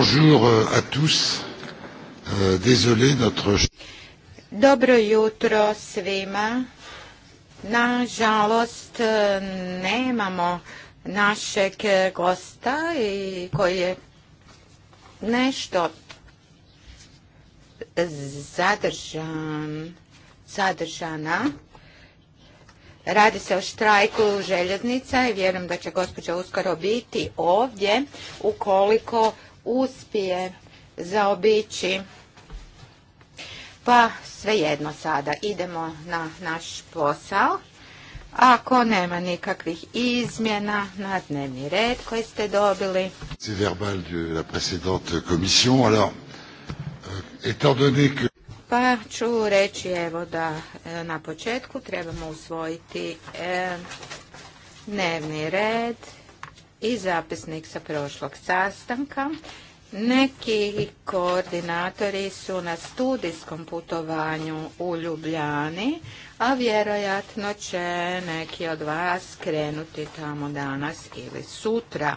Bonjour euh, à tous. Euh, désolé, notre... Dobro jutro svima. Nažalost, e, nemamo našeg e, gosta i koji je nešto zadržan, zadržana. Radi se o štrajku željeznica i vjerujem da će gospođa uskoro biti ovdje ukoliko uspije zaobići. Pa svejedno sada idemo na naš posao. Ako nema nikakvih izmjena na dnevni red koji ste dobili. Pa ću reći evo da e, na početku trebamo usvojiti e, dnevni red i zapisnik sa prošlog sastanka. Neki koordinatori su na studijskom putovanju u Ljubljani, a vjerojatno će neki od vas krenuti tamo danas ili sutra.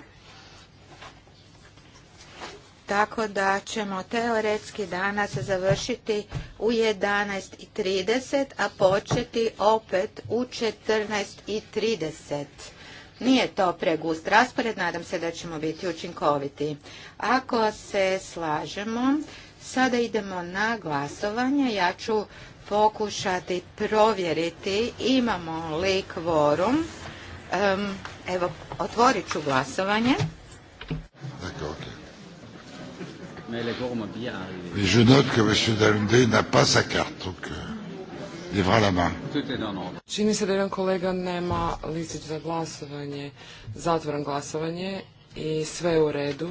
Tako da ćemo teoretski danas završiti u 11.30, a početi opet u 14.30 nije to pregust raspored, nadam se da ćemo biti učinkoviti. Ako se slažemo, sada idemo na glasovanje. Ja ću pokušati provjeriti imamo li kvorum. evo, otvorit ću glasovanje. je note que M. n'a pas sa carte. Euh, i Čini se da jedan kolega nema listić za glasovanje. Zatvoram glasovanje i sve je u redu.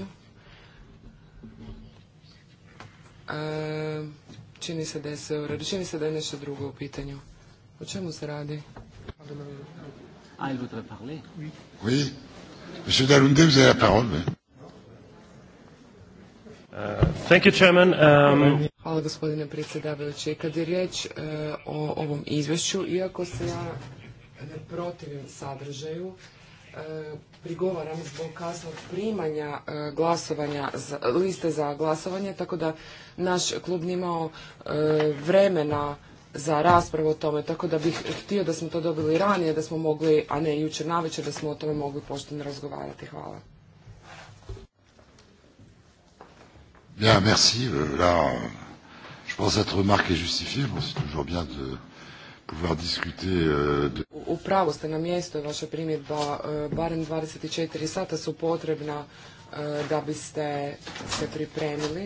E, čini se da je sve u redu. Čini se da je nešto drugo u pitanju. O čemu se radi? A, il voudrait parler? Oui. Monsieur Dalunde, vous avez la parole. Um, Hvala gospodine predsjedavajući. Kad je riječ e, o ovom izvješću, iako se ja ne protivim sadržaju, e, prigovaram zbog kasnog primanja e, glasovanja, liste za glasovanje, tako da naš klub nije imao vremena za raspravu o tome, tako da bih htio da smo to dobili ranije, da smo mogli, a ne jučer navečer, da smo o tome mogli pošteno razgovarati. Hvala. Bien, merci. Euh, là, je pense cette remarque est justifiée. Bon, c'est toujours bien de pouvoir discuter. Euh, de... pravo ste na mjesto vaša primjedba. E, barem 24 sata su potrebna e, da biste se pripremili.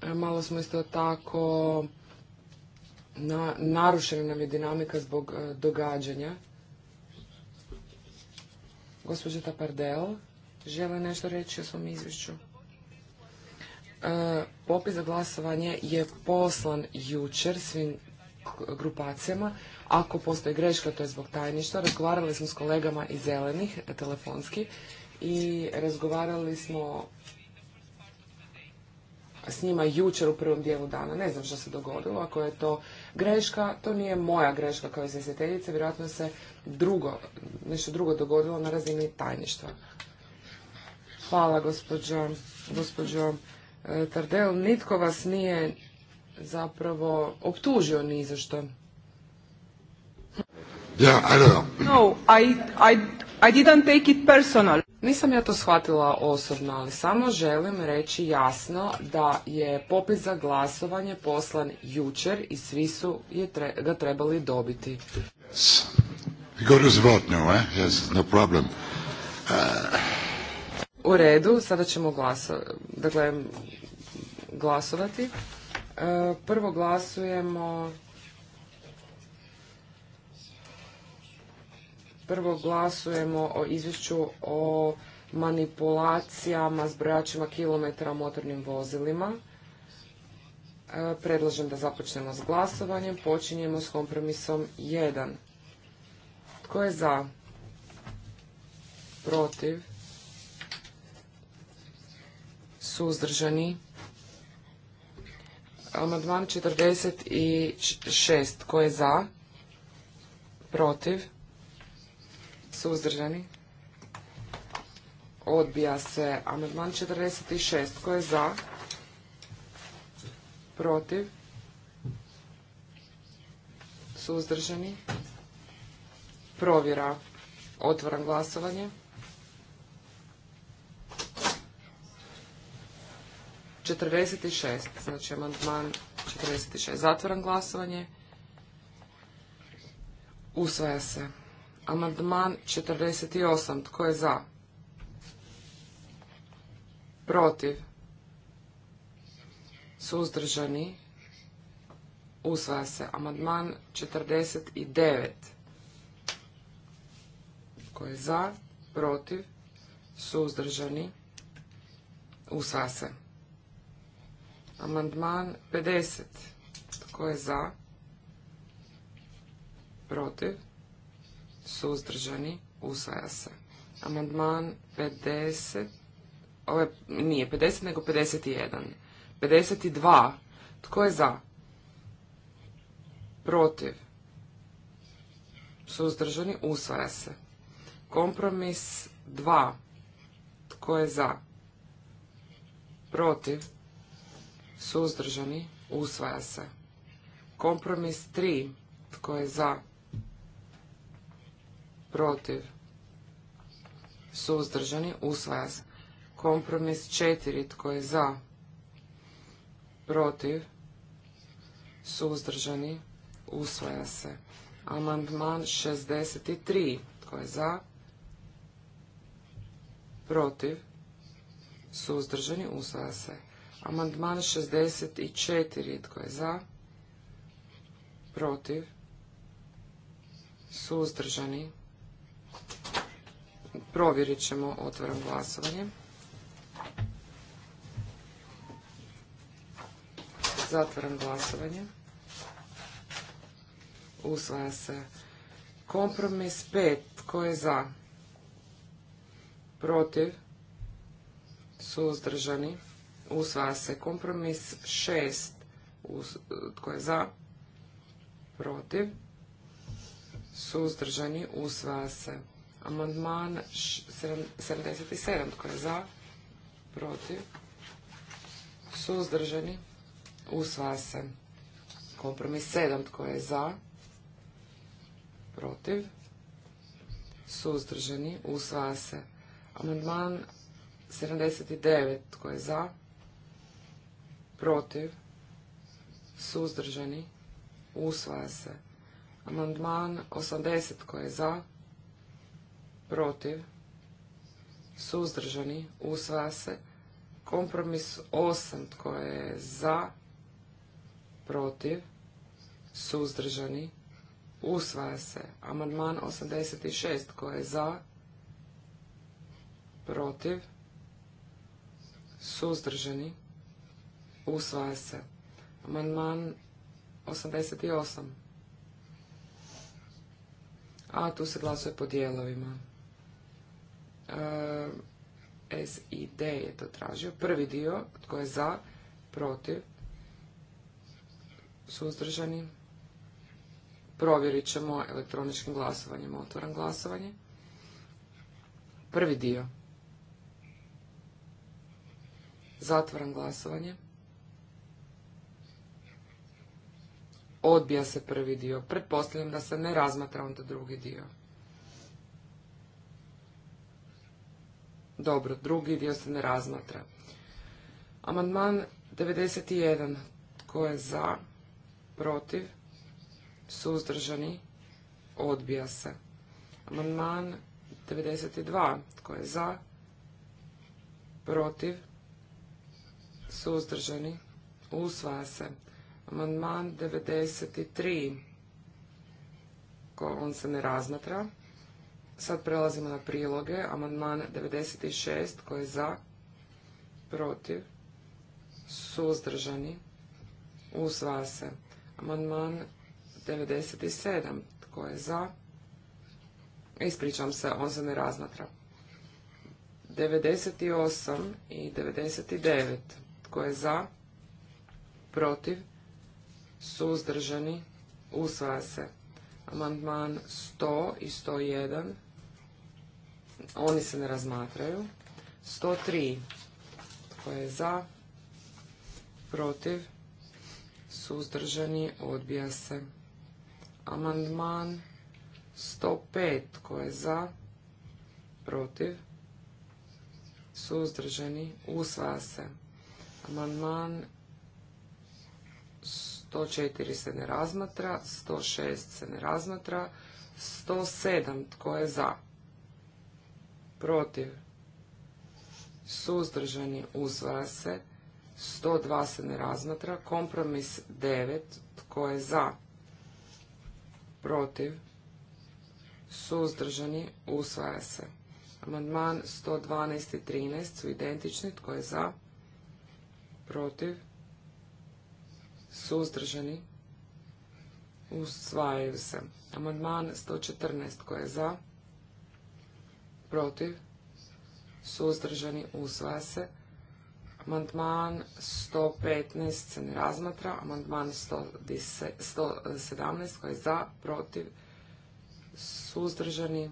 E, malo smo isto tako na, narušena nam je dinamika zbog događanja. Gospođa Tapardel, žele nešto reći o svom izvješću? E, popis za glasovanje je poslan jučer svim grupacijama. Ako postoji greška, to je zbog tajništva. Razgovarali smo s kolegama iz zelenih e, telefonski i razgovarali smo s njima jučer u prvom dijelu dana. Ne znam što se dogodilo. Ako je to greška, to nije moja greška kao izvjestiteljice. Vjerojatno se drugo, nešto drugo dogodilo na razini tajništva. Hvala, gospođo, gospođo E, Tardel, nitko vas nije zapravo optužio ni za što. Ja, I No, I, I, I didn't take it personal. Nisam ja to shvatila osobno, ali samo želim reći jasno da je popis za glasovanje poslan jučer i svi su ga trebali dobiti. Yes. We go to the eh? Yes, no problem. Uh, u redu, sada ćemo dakle, glasovati. E, prvo glasujemo... Prvo glasujemo o izvješću o manipulacijama s brojačima kilometra motornim vozilima. E, predlažem da započnemo s glasovanjem. Počinjemo s kompromisom 1. Tko je za? Protiv? suzdržani. Amandman 46. Tko je za? Protiv? Suzdržani? Odbija se. Amandman 46. Tko je za? Protiv? Suzdržani? Provjera. Otvaram glasovanje. 46. Znači amandman 46. Zatvoram glasovanje. Usvaja se. Amandman 48. Tko je za? Protiv? Suzdržani? Usvaja se. Amandman 49. Tko je za? Protiv? Suzdržani? Usvaja se. Amandman 50. Tko je za? Protiv? Suzdržani? Usvaja se. Amandman 50. Ovo nije 50, nego 51. 52. Tko je za? Protiv? Suzdržani? Usvaja se. Kompromis 2. Tko je za? Protiv? suzdržani, usvaja se. Kompromis 3, tko je za, protiv, suzdržani, usvaja se. Kompromis 4, tko je za, protiv, suzdržani, usvaja se. Amandman 63, tko je za, protiv, suzdržani, usvaja se. Amandman 64. Tko je za? Protiv? Suzdržani? Provjerit ćemo. Otvaram glasovanje. Zatvaram glasovanje. Usvaja se. Kompromis 5. Tko je za? Protiv? Suzdržani? usvaja se kompromis šest, tko je za protiv suzdržani usvaja se amandman 77 tko je za protiv suzdržani usvaja se kompromis 7 tko je za protiv suzdržani usvaja se amandman 79 tko je za protiv, suzdržani, usvaja se. Amandman 80 koji je za, protiv, suzdržani, usvaja se. Kompromis 8 koji je za, protiv, suzdržani, usvaja se. Amandman 86 koji je za, protiv, suzdržani, usvaja se. Amandman 88. A tu se glasuje po dijelovima. E, S i D je to tražio. Prvi dio, tko je za, protiv, suzdržani. Provjerit ćemo elektroničkim glasovanjem. Otvoran glasovanje. Prvi dio. Zatvoran glasovanje. Odbija se prvi dio. Pretpostavljam da se ne razmatra onda drugi dio. Dobro, drugi dio se ne razmatra. Amandman 91. Tko je za? Protiv? Suzdržani? Odbija se. Amandman 92. Tko je za? Protiv? Suzdržani? Usvaja se. Amandman 93. On se ne razmatra. Sad prelazimo na priloge. Amandman 96 koji je za, protiv, suzdržani, usvaja se. Amandman 97 tko je za, ispričam se, on se ne razmatra. 98 i 99 tko je za, protiv, suzdržani, usvaja se. Amandman 100 i 101, oni se ne razmatraju. 103, tko je za, protiv, suzdržani, odbija se. Amandman 105, tko je za, protiv, suzdržani, usvaja se. Amandman 104 se ne razmatra, 106 se ne razmatra, 107 tko je za, protiv, suzdržani, usvaja se, 102 se ne razmatra, kompromis 9 tko je za, protiv, suzdržani, usvaja se. Amandman 112 i 13 su identični, tko je za, protiv, suzdržani, usvajaju se. Amandman 114 koji je za, protiv, suzdržani, usvaja se. Amandman 115 se ne razmatra. Amandman 117 koji je za, protiv, suzdržani,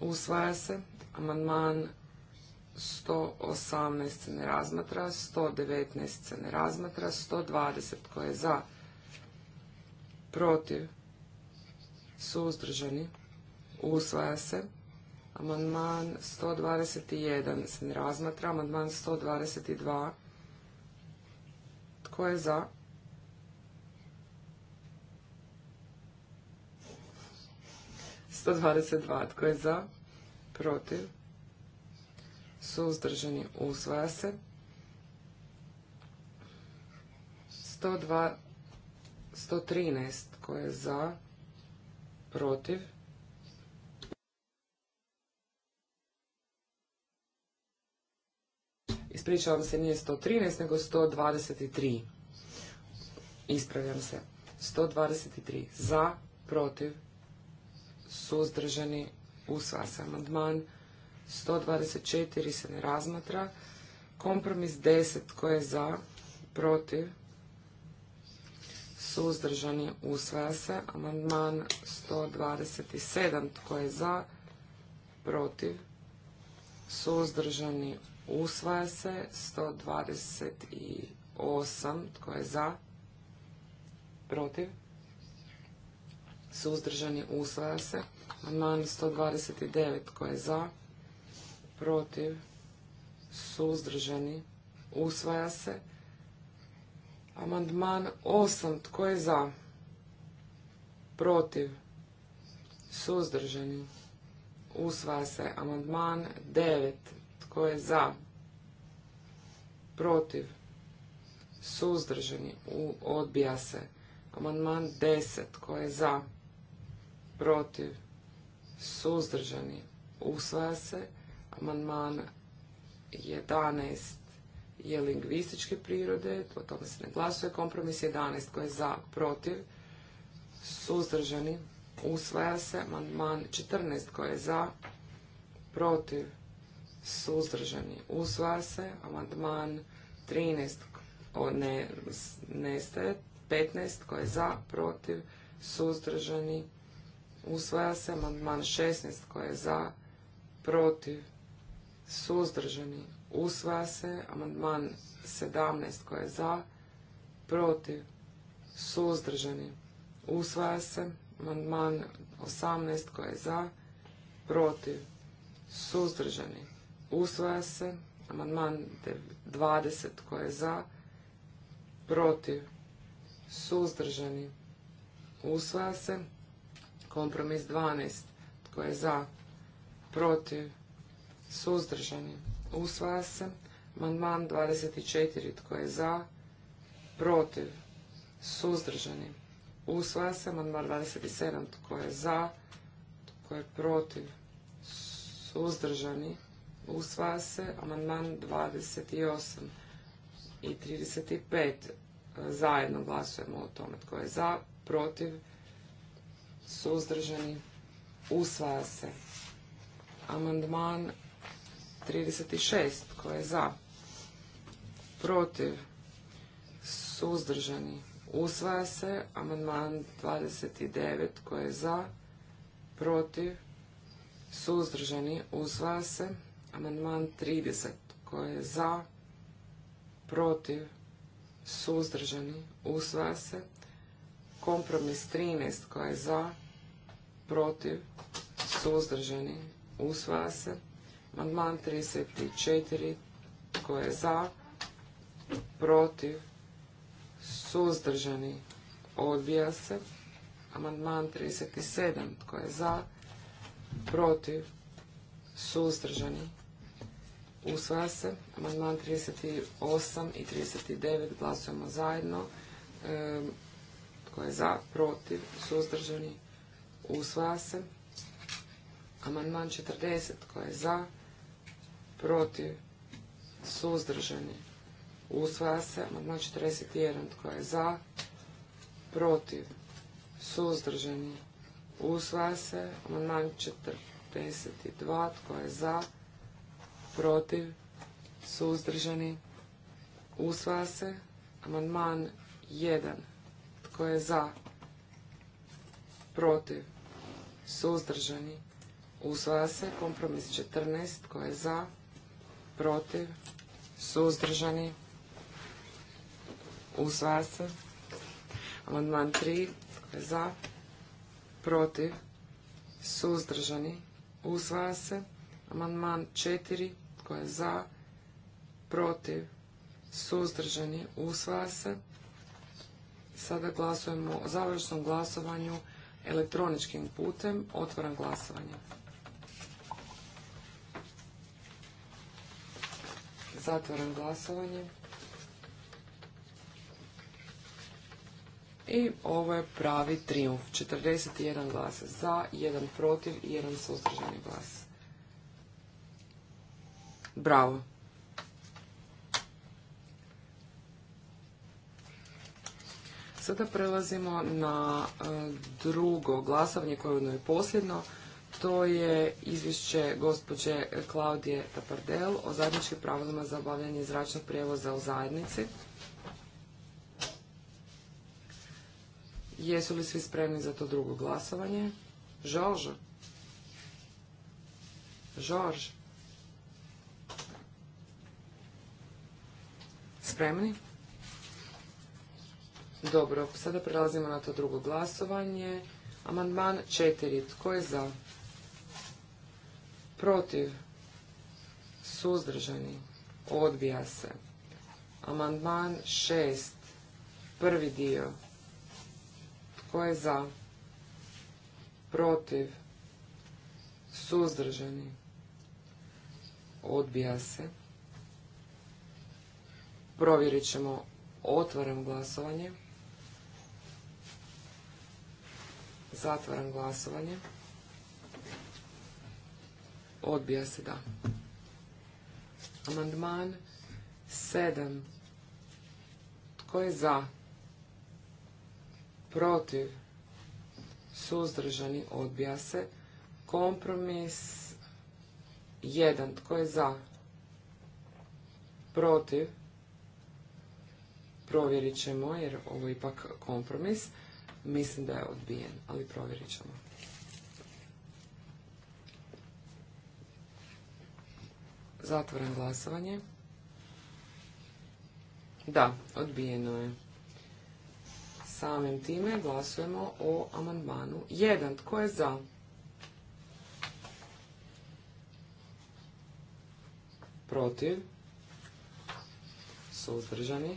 usvaja se. Amandman 118 se ne razmatra, 119 se ne razmatra, 120 koje je za, protiv, suzdržani, usvaja se. Amandman 121 se ne razmatra, amandman 122 tko je za, sto dvadeset dva tko je za protiv suzdržani, usvaja se. 113 koje je za, protiv. Ispričavam se, nije 113, nego 123. Ispravljam se. 123. Za, protiv, suzdržani, usvaja se amandman. 124 se ne razmatra. Kompromis 10 tko je za, protiv, suzdržani, usvaja se. Amandman 127 tko je za, protiv, suzdržani, usvaja se. 128 tko je za, protiv, suzdržani, usvaja se. Amandman 129 tko je za, protiv, suzdržani, usvaja se. Amandman 8. Tko je za? Protiv, suzdržani, usvaja se. Amandman 9. Tko je za? Protiv, suzdržani, odbija se. Amandman 10. Tko je za? Protiv, suzdržani, usvaja se amandman 11 je lingvističke prirode, o tome se ne glasuje. Kompromis 11 koji je za, protiv, suzdržani, usvaja se. Amandman 14 koji je za, protiv, suzdržani, usvaja se. Amandman 13 o, ne, nestaje, 15 koji je za, protiv, suzdržani, usvaja se. Amandman 16 koji je za, protiv, suzdržani, usvaja se. Amandman 17 koji je za, protiv, suzdržani, usvaja se. Amandman 18 koji je za, protiv, suzdržani, usvaja se. Amandman 20 koji je za, protiv, suzdržani, usvaja se. Kompromis 12 tko je za, protiv, suzdržani, usvaja se. Amandman 24, tko je za, protiv, suzdržani, usvaja se. Amandman 27, tko je za, tko je protiv, suzdržani, usvaja se. Amandman 28 i 35, zajedno glasujemo o tome tko je za, protiv, suzdržani, usvaja se. Amandman 36. Tko je za? Protiv? Suzdržani? Usvaja se. Amandman 29. Tko je za? Protiv? Suzdržani? Usvaja se. Amandman 30. Tko je za? Protiv? Suzdržani? Usvaja se. Kompromis 13. Tko je za? Protiv? Suzdržani? Usvaja se. Amandman 34. Tko je za? Protiv? Suzdržani? Odbija se. Amandman 37. Tko je za? Protiv? Suzdržani? Usvaja se. Amandman 38 i 39 glasujemo zajedno. E, tko je za? Protiv? Suzdržani? Usvaja se. Amandman 40. Tko je za? protiv, suzdržani, usvaja se. Amandman 41. Tko je za, protiv, suzdržani, usvaja se. Amandman 42. Tko je za, protiv, suzdržani, usvaja se. Amandman 1. Tko je za, protiv, suzdržani, usvaja se. Kompromis 14. Tko je za, protiv, suzdržani, usvaja se. Amandman 3 za, protiv, suzdržani, usvaja se. Amandman 4 koje je za, protiv, suzdržani, usvaja se. Sada glasujemo o završnom glasovanju elektroničkim putem. Otvaram glasovanje. Zatvoram glasovanje. I ovo je pravi triumf. 41 glas za, 1 protiv i 1 suzdržani glas. Bravo. Sada prelazimo na eh, drugo glasovanje koje je posljedno to je izvješće gospođe Klaudije Tapardel o zajedničkim pravilima za obavljanje zračnog prijevoza u zajednici. Jesu li svi spremni za to drugo glasovanje? Žorž? Žorž? Spremni? Dobro, sada prelazimo na to drugo glasovanje. Amandman 4. Tko je za? protiv, suzdržani, odbija se. Amandman 6, prvi dio, tko je za, protiv, suzdržani, odbija se. Provjerit ćemo, otvoren glasovanje. Zatvaram glasovanje. Odbija se da. Amandman 7. Tko je za? Protiv? Suzdržani? Odbija se. Kompromis 1. Tko je za? Protiv? Provjerit ćemo jer ovo je ipak kompromis. Mislim da je odbijen, ali provjerit ćemo. Zatvoren glasovanje. Da, odbijeno je. Samim time glasujemo o amandmanu 1. Tko je za? Protiv? Suzdržani?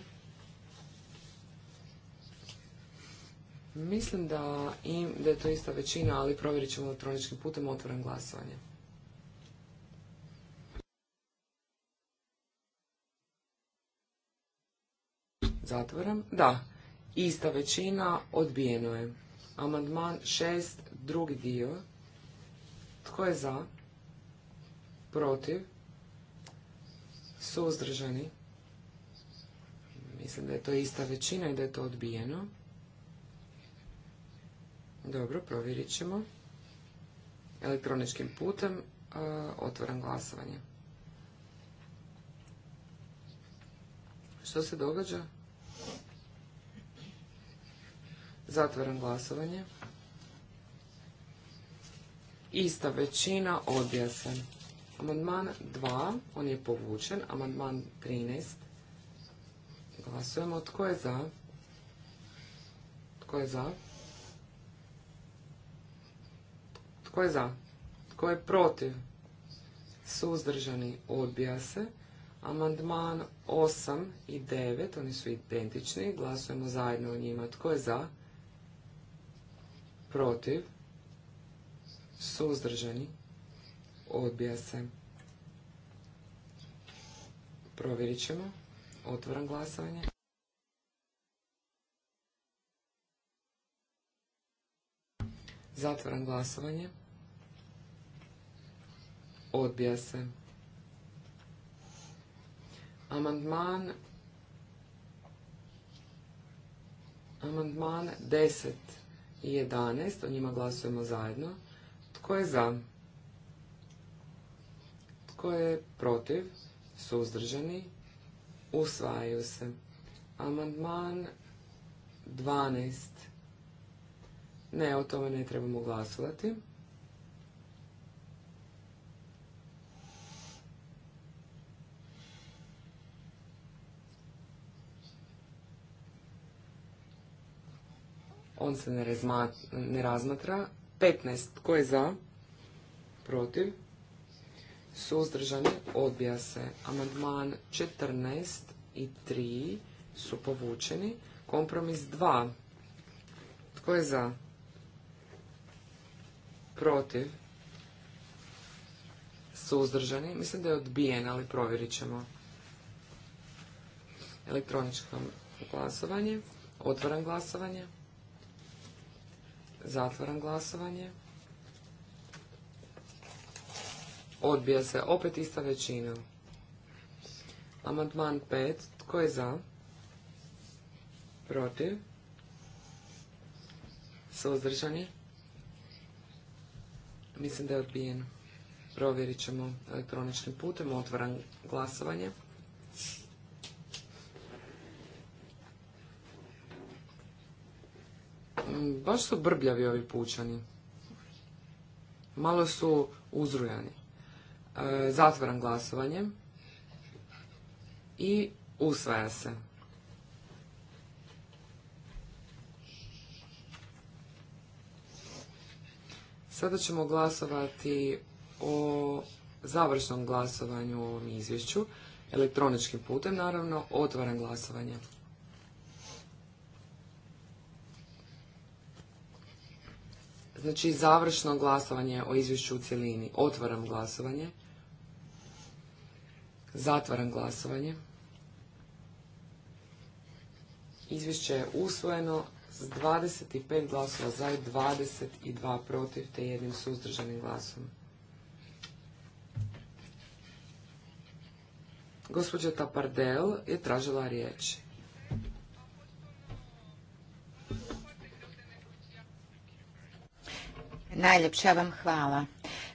Mislim da, im, da je to ista većina, ali provjerit ćemo elektroničkim putem otvoren glasovanje. Zatvaram. Da. Ista većina odbijeno je. Amandman šest drugi dio. Tko je za? Protiv? Suzdržani? Mislim da je to ista većina i da je to odbijeno. Dobro, provjerit ćemo. Elektroničkim putem otvaram glasovanje. Što se događa? Zatvaram glasovanje. Ista većina odbija se. Amandman 2, on je povučen. Amandman 13. Glasujemo. Tko je za? Tko je za? Tko je za? Tko je protiv? Suzdržani odbija se. Amandman 8 i 9, oni su identični. Glasujemo zajedno o njima. Tko je za? protiv, suzdržani, odbija se. Provjerit ćemo. Otvoram glasovanje. Zatvoram glasovanje. Odbija se. Amandman Amandman 10 i 11, o njima glasujemo zajedno. Tko je za? Tko je protiv? Suzdržani? Usvajaju se. Amandman 12. Ne, o tome ne trebamo glasovati. on se ne, razmatra. 15. Tko je za? Protiv? Suzdržani? Odbija se. Amandman 14 i 3 su povučeni. Kompromis 2. Tko je za? Protiv? Suzdržani? Mislim da je odbijen, ali provjerit ćemo. Elektroničko glasovanje. Otvoran glasovanje. Zatvaram glasovanje. Odbija se opet ista većina. Amandman 5. Tko je za? Protiv? Suzdržani? Mislim da je odbijen. Provjerit ćemo elektroničnim putem. Otvaram glasovanje. baš su brbljavi ovi pučani. Malo su uzrujani. E, zatvaram glasovanje. I usvaja se. Sada ćemo glasovati o završnom glasovanju u ovom izvješću. Elektroničkim putem, naravno, otvaram glasovanje. Znači, završno glasovanje o izvješću u cjelini. Otvaram glasovanje. Zatvaram glasovanje. Izvješće je usvojeno s 25 glasova za i 22 protiv te jednim suzdržanim glasom. Gospođa Tapardel je tražila riječ. Najljepša vam hvala.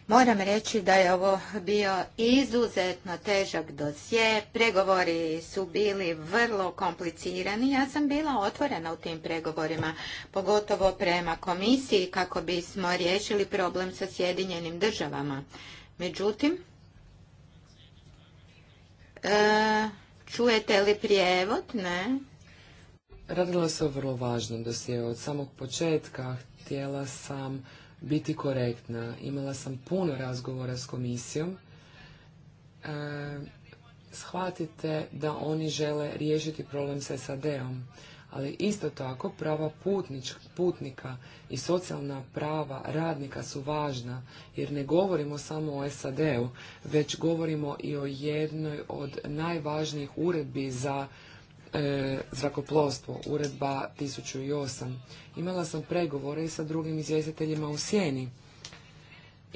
Moram reći da je ovo bio izuzetno težak dosje. Pregovori su bili vrlo komplicirani. Ja sam bila otvorena u tim pregovorima, pogotovo prema komisiji kako bismo riješili problem sa Sjedinjenim državama. Međutim, e, čujete li prijevod? Ne. Radilo se o vrlo važnom dosjeu. Od samog početka htjela sam biti korektna. Imala sam puno razgovora s komisijom. E, shvatite da oni žele riješiti problem s SAD-om, ali isto tako prava putnika i socijalna prava radnika su važna, jer ne govorimo samo o SAD-u, već govorimo i o jednoj od najvažnijih uredbi za e, zrakoplovstvo, uredba 1008. Imala sam pregovore i sa drugim izvjestiteljima u sjeni.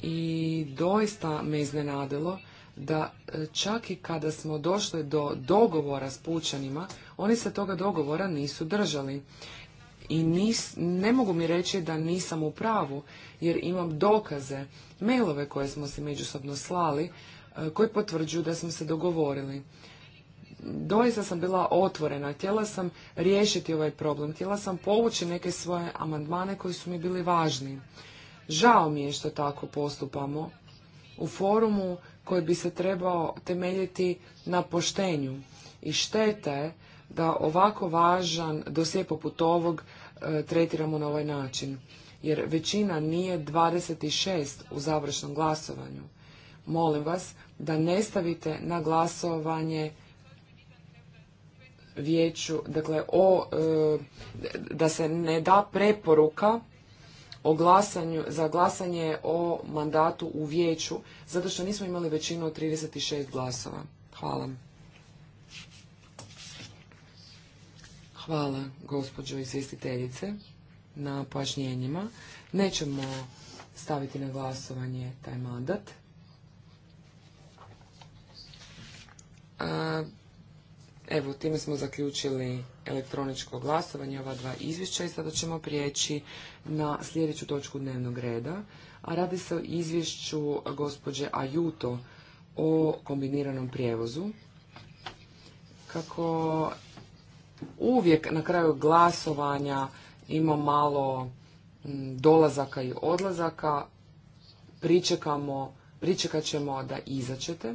I doista me iznenadilo da e, čak i kada smo došli do dogovora s pučanima, oni se toga dogovora nisu držali. I ne mogu mi reći da nisam u pravu, jer imam dokaze, mailove koje smo se međusobno slali, e, koji potvrđuju da smo se dogovorili doista sam bila otvorena, htjela sam riješiti ovaj problem, htjela sam povući neke svoje amandmane koji su mi bili važni. Žao mi je što tako postupamo u forumu koji bi se trebao temeljiti na poštenju i štete da ovako važan dosje poput ovog e, tretiramo na ovaj način. Jer većina nije 26 u završnom glasovanju. Molim vas da ne stavite na glasovanje vijeću, dakle, o, e, da se ne da preporuka o glasanju, za glasanje o mandatu u vijeću, zato što nismo imali većinu od 36 glasova. Hvala. Hvala, gospođo izvjestiteljice, na pojašnjenjima. Nećemo staviti na glasovanje taj mandat. A Evo, time smo zaključili elektroničko glasovanje ova dva izvješća i sada ćemo prijeći na sljedeću točku dnevnog reda, a radi se o izvješću gospođe Ajuto o kombiniranom prijevozu. Kako uvijek na kraju glasovanja ima malo mm, dolazaka i odlazaka, pričekamo, pričekat ćemo da izaćete.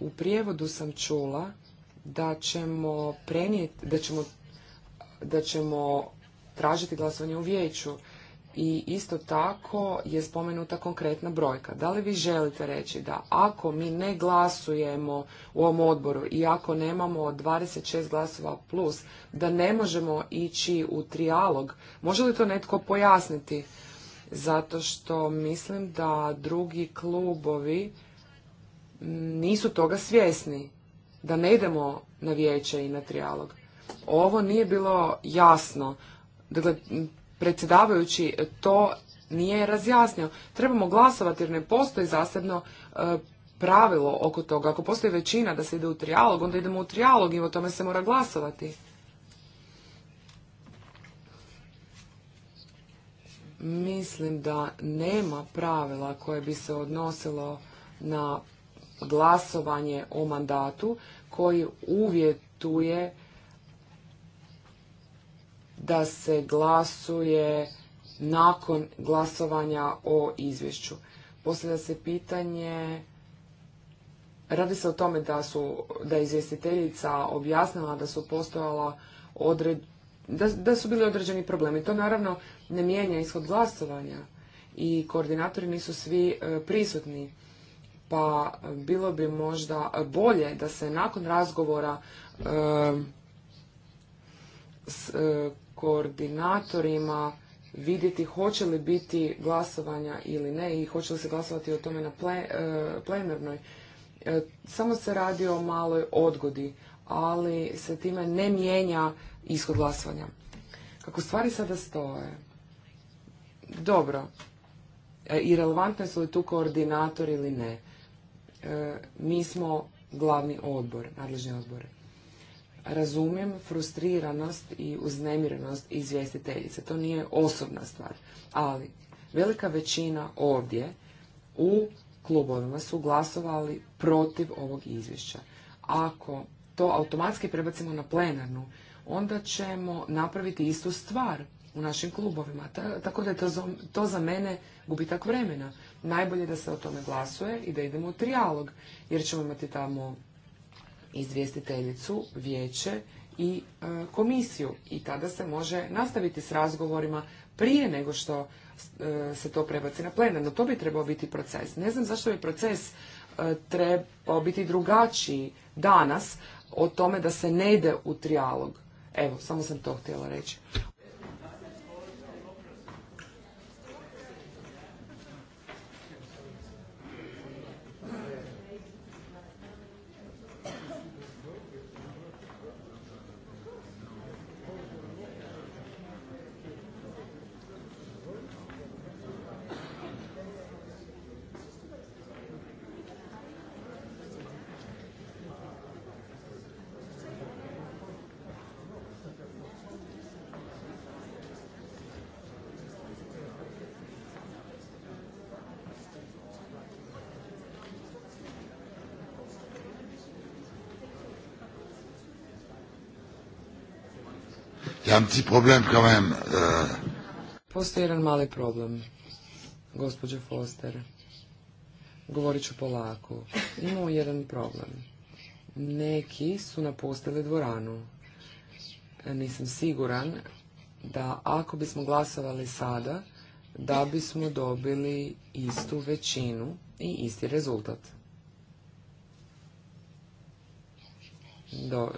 U prijevodu sam čula da ćemo prenijeti, da ćemo, da ćemo tražiti glasovanje u vijeću i isto tako je spomenuta konkretna brojka. Da li vi želite reći da ako mi ne glasujemo u ovom odboru i ako nemamo 26 glasova plus, da ne možemo ići u trijalog? Može li to netko pojasniti? Zato što mislim da drugi klubovi nisu toga svjesni, da ne idemo na vijeće i na trijalog. Ovo nije bilo jasno. Dakle, predsjedavajući to nije razjasnio. Trebamo glasovati jer ne postoji zasebno e, pravilo oko toga. Ako postoji većina da se ide u trijalog, onda idemo u trijalog i o tome se mora glasovati. Mislim da nema pravila koje bi se odnosilo na glasovanje o mandatu koji uvjetuje da se glasuje nakon glasovanja o izvješću. Postavlja se pitanje, radi se o tome da su, da je izvjestiteljica objasnila da su postojala odred, da, su bili određeni problemi. To naravno ne mijenja ishod glasovanja i koordinatori nisu svi e, prisutni pa bilo bi možda bolje da se nakon razgovora eh, s eh, koordinatorima vidjeti hoće li biti glasovanja ili ne i hoće li se glasovati o tome na eh, plenarnoj. Samo se radi o maloj odgodi, ali se time ne mijenja ishod glasovanja. Kako stvari sada stoje, dobro, i relevantno su li tu koordinator ili ne. E, mi smo glavni odbor, nadležni odbor. Razumijem frustriranost i uznemirenost izvjestiteljice. To nije osobna stvar. Ali velika većina ovdje u klubovima su glasovali protiv ovog izvješća. Ako to automatski prebacimo na plenarnu, onda ćemo napraviti istu stvar u našim klubovima. Tako da je to za, to za mene gubitak vremena najbolje da se o tome glasuje i da idemo u trijalog, jer ćemo imati tamo izvjestiteljicu, vijeće i e, komisiju i tada se može nastaviti s razgovorima prije nego što e, se to prebaci na plenarno. To bi trebao biti proces. Ne znam zašto bi proces e, trebao biti drugačiji danas o tome da se ne ide u trijalog. Evo, samo sam to htjela reći. un petit problème quand Postoji jedan mali problem, gospođo Foster. Govorit ću polako. Imamo jedan problem. Neki su napustili dvoranu. E, nisam siguran da ako bismo glasovali sada, da bismo dobili istu većinu i isti rezultat.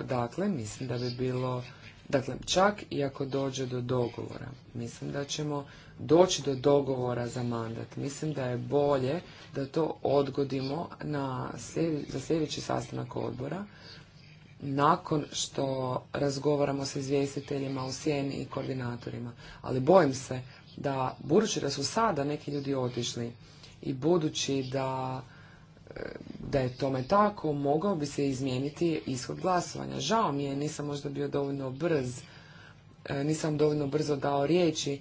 dakle, mislim da bi bilo Dakle, čak i ako dođe do dogovora, mislim da ćemo doći do dogovora za mandat. Mislim da je bolje da to odgodimo na za sljedeći sastanak odbora, nakon što razgovaramo s izvjestiteljima u sjeni i koordinatorima. Ali bojim se da, budući da su sada neki ljudi otišli i budući da da je tome tako, mogao bi se izmijeniti ishod glasovanja. Žao mi je, nisam možda bio dovoljno brz, e, nisam dovoljno brzo dao riječi,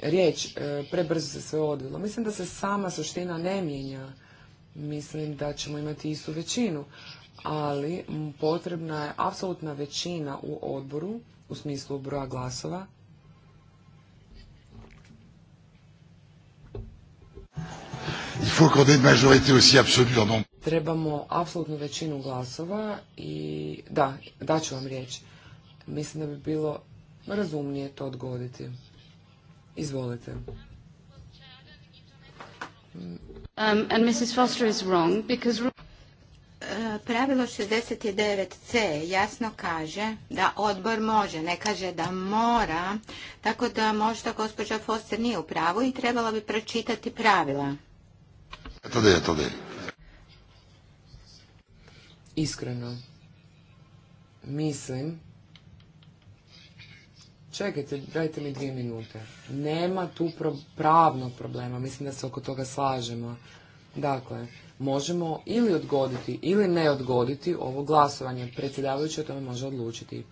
riječ, e, prebrzo se sve odvilo. Mislim da se sama suština ne mijenja. Mislim da ćemo imati istu većinu, ali potrebna je apsolutna većina u odboru, u smislu broja glasova il faut qu'on ait une majorité aussi absolue en nombre. Trebamo apsolutnu većinu glasova i da, daću vam riječ. Mislim da bi bilo razumnije to odgoditi. Izvolite. Um, and Mrs. Foster is wrong because... E, pravilo 69c jasno kaže da odbor može, ne kaže da mora, tako da možda gospođa Foster nije u pravu i trebala bi pročitati pravila. Attendez, e, attendez. Iskreno. Mislim. Čekajte, dajte mi dvije minute. Nema tu pravnog problema. Mislim da se oko toga slažemo. Dakle, možemo ili odgoditi ili ne odgoditi ovo glasovanje. Predsjedavajući o tome može odlučiti.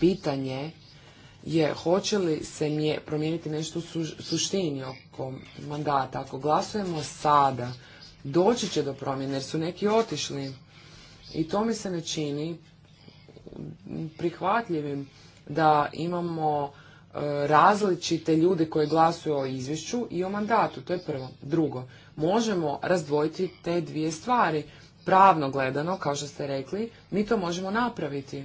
Pitanje je hoće li se mje, promijeniti nešto u suštini oko mandata. Ako glasujemo sada, doći će do promjene jer su neki otišli. I to mi se ne čini prihvatljivim da imamo e, različite ljude koji glasuju o izvješću i o mandatu. To je prvo. Drugo, možemo razdvojiti te dvije stvari. Pravno gledano, kao što ste rekli, mi to možemo napraviti.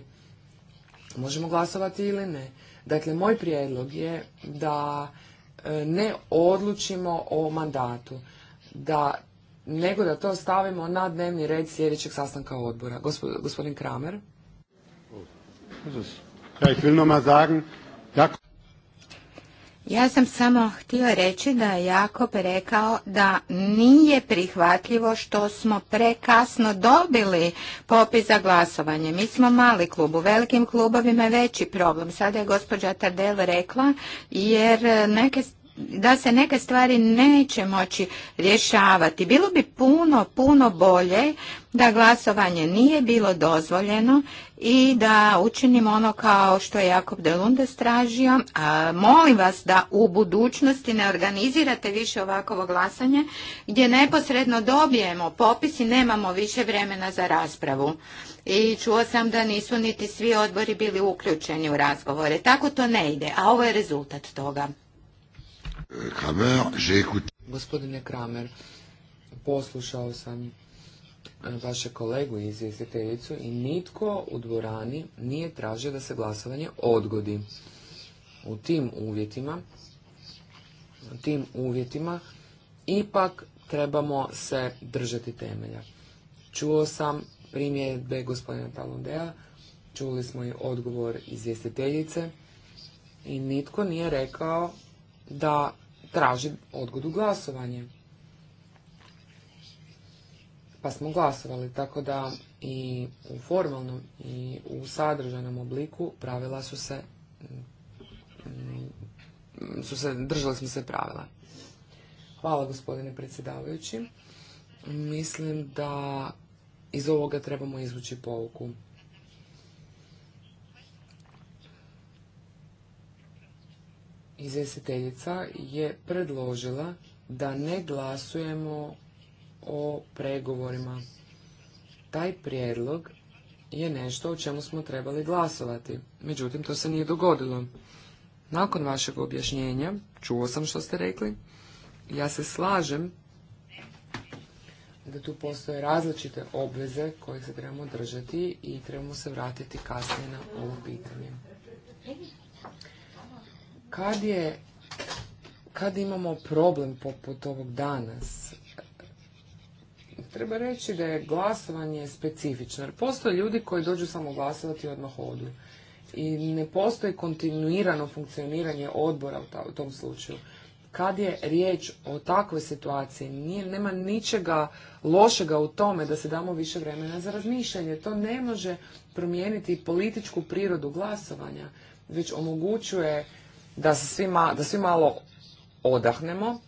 Možemo glasovati ili ne. Dakle, moj prijedlog je da e, ne odlučimo o mandatu, da nego da to stavimo na dnevni red sljedećeg sastanka odbora. gospodin Kramer. Ja, ich will nur mal ja sam samo htio reći da je Jakob rekao da nije prihvatljivo što smo prekasno dobili popis za glasovanje. Mi smo mali klub, u velikim klubovima je veći problem. Sada je gospođa Tardel rekla jer neke da se neke stvari neće moći rješavati. Bilo bi puno, puno bolje da glasovanje nije bilo dozvoljeno i da učinimo ono kao što je Jakob de Lunde stražio. A, molim vas da u budućnosti ne organizirate više ovakovo glasanje gdje neposredno dobijemo popis i nemamo više vremena za raspravu. I čuo sam da nisu niti svi odbori bili uključeni u razgovore. Tako to ne ide, a ovo je rezultat toga. Kramer, Gospodine Kramer, poslušao sam vaše kolegu i izvjestiteljicu i nitko u dvorani nije tražio da se glasovanje odgodi. U tim uvjetima, u tim uvjetima ipak trebamo se držati temelja. Čuo sam primjedbe gospodina Talondea, čuli smo i odgovor izvjestiteljice i nitko nije rekao da traži odgodu glasovanje pa smo glasovali, tako da i u formalnom i u sadržajnom obliku pravila su se, mm, su se, držali smo se pravila. Hvala gospodine predsjedavajući. Mislim da iz ovoga trebamo izvući pouku. Izvjestiteljica je predložila da ne glasujemo o pregovorima. Taj prijedlog je nešto o čemu smo trebali glasovati. Međutim, to se nije dogodilo. Nakon vašeg objašnjenja, čuo sam što ste rekli, ja se slažem da tu postoje različite obveze koje se trebamo držati i trebamo se vratiti kasnije na ovo pitanje. Kad je kad imamo problem poput ovog danas, treba reći da je glasovanje specifično. Jer postoje ljudi koji dođu samo glasovati i odmah I ne postoji kontinuirano funkcioniranje odbora u, tom slučaju. Kad je riječ o takvoj situaciji, nije, nema ničega lošega u tome da se damo više vremena za razmišljanje. To ne može promijeniti političku prirodu glasovanja, već omogućuje da, se da svi malo odahnemo.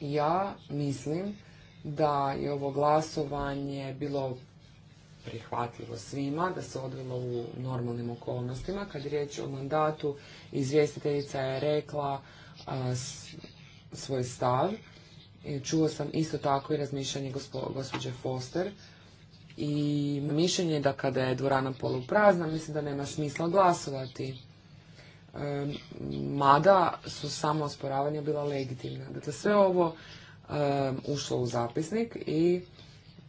Ja mislim da je ovo glasovanje bilo prihvatljivo svima, da se odvilo u normalnim okolnostima. Kad je riječ o mandatu, izvjestiteljica je rekla svoj stav. E, čuo sam isto tako i razmišljanje gospođe Foster i mišljenje da kada je dvorana poluprazna, mislim da nema smisla glasovati. E, mada su samo osporavanja bila legitimna. Dakle, sve ovo ušlo u zapisnik i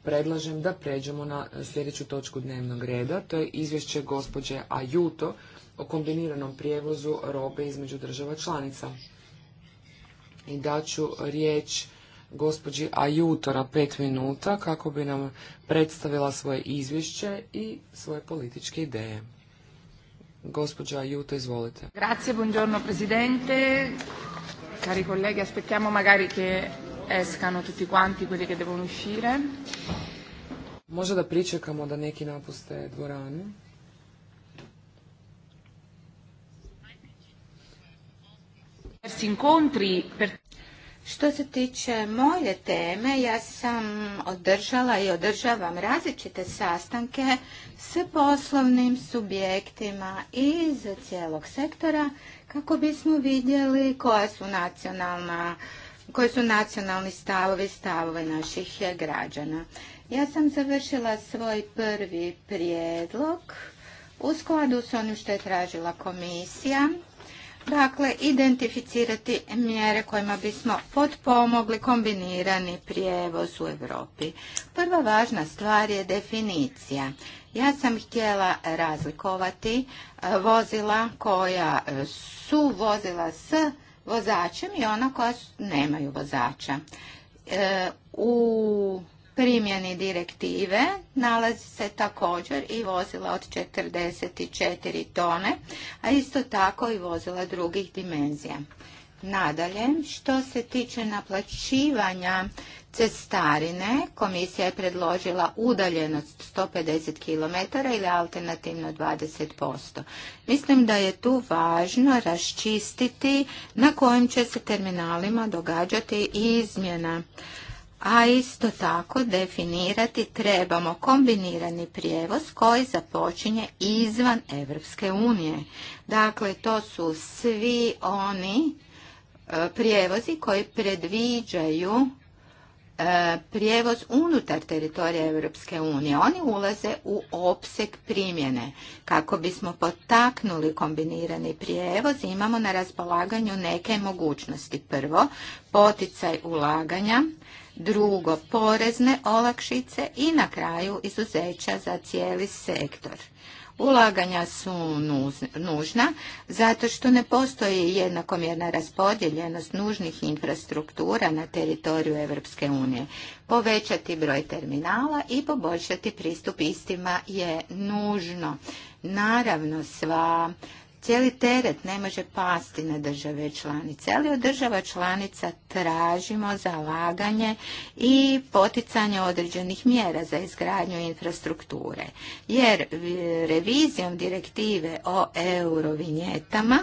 predlažem da pređemo na sljedeću točku dnevnog reda. To je izvješće gospođe Ajuto o kombiniranom prijevozu robe između država članica. I daću riječ gospođi Ajutora pet minuta kako bi nam predstavila svoje izvješće i svoje političke ideje. Gospođa Ajuto, izvolite. Grazie, buongiorno presidente. Cari colleghi, aspettiamo magari che escano tutti quanti quelli che devono uscire. Možda da pričekamo da neki napuste dvoranu. Što se tiče moje teme, ja sam održala i održavam različite sastanke s poslovnim subjektima i iz cijelog sektora kako bismo vidjeli koja su nacionalna koji su nacionalni stavovi, stavove naših građana. Ja sam završila svoj prvi prijedlog u skladu s onim što je tražila komisija. Dakle, identificirati mjere kojima bismo potpomogli kombinirani prijevoz u Europi. Prva važna stvar je definicija. Ja sam htjela razlikovati eh, vozila koja su vozila s vozačem i ona koja nemaju vozača. E, u primjeni direktive nalazi se također i vozila od 44 tone, a isto tako i vozila drugih dimenzija. Nadalje, što se tiče naplaćivanja cestarine, komisija je predložila udaljenost 150 km ili alternativno 20%. Mislim da je tu važno raščistiti na kojim će se terminalima događati izmjena. A isto tako definirati trebamo kombinirani prijevoz koji započinje izvan Evropske unije. Dakle, to su svi oni E, prijevozi koji predviđaju e, prijevoz unutar teritorija Europske unije. Oni ulaze u opseg primjene. Kako bismo potaknuli kombinirani prijevoz, imamo na raspolaganju neke mogućnosti. Prvo, poticaj ulaganja, drugo, porezne olakšice i na kraju izuzeća za cijeli sektor. Ulaganja su nužna zato što ne postoji jednakomjerna raspodjeljenost nužnih infrastruktura na teritoriju Europske unije. Povećati broj terminala i poboljšati pristup istima je nužno. Naravno, sva Cijeli teret ne može pasti na države članice, ali od država članica tražimo zalaganje i poticanje određenih mjera za izgradnju infrastrukture. Jer e, revizijom direktive o eurovinjetama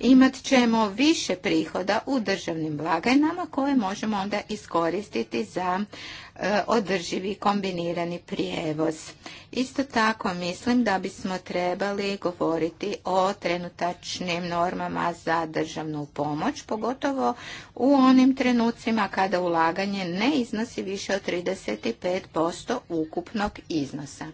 imat ćemo više prihoda u državnim blagajnama koje možemo onda iskoristiti za E, održivi kombinirani prijevoz. Isto tako mislim da bismo trebali govoriti o trenutačnim normama za državnu pomoć, pogotovo u onim trenucima kada ulaganje ne iznosi više od 35% ukupnog iznosa.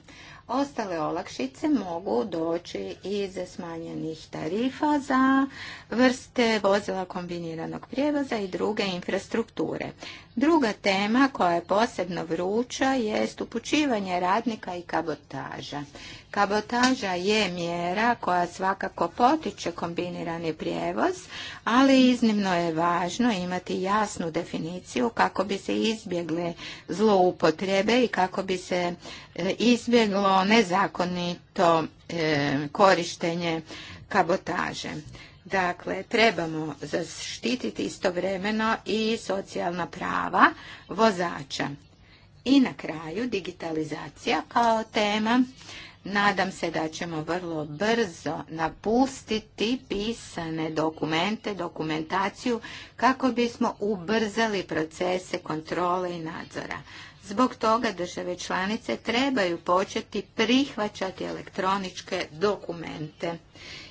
Ostale olakšice mogu doći za smanjenih tarifa za vrste vozila kombiniranog prijevoza i druge infrastrukture. Druga tema koja je posebno vruća jest upućivanje radnika i kabotaža. Kabotaža je mjera koja svakako potiče kombinirani prijevoz, ali iznimno je važno imati jasnu definiciju kako bi se izbjegle zloupotrebe i kako bi se e, izbjeglo nezakonito e, korištenje kabotaže. Dakle, trebamo zaštititi istovremeno i socijalna prava vozača. I na kraju digitalizacija kao tema. Nadam se da ćemo vrlo brzo napustiti pisane dokumente, dokumentaciju kako bismo ubrzali procese kontrole i nadzora. Zbog toga države članice trebaju početi prihvaćati elektroničke dokumente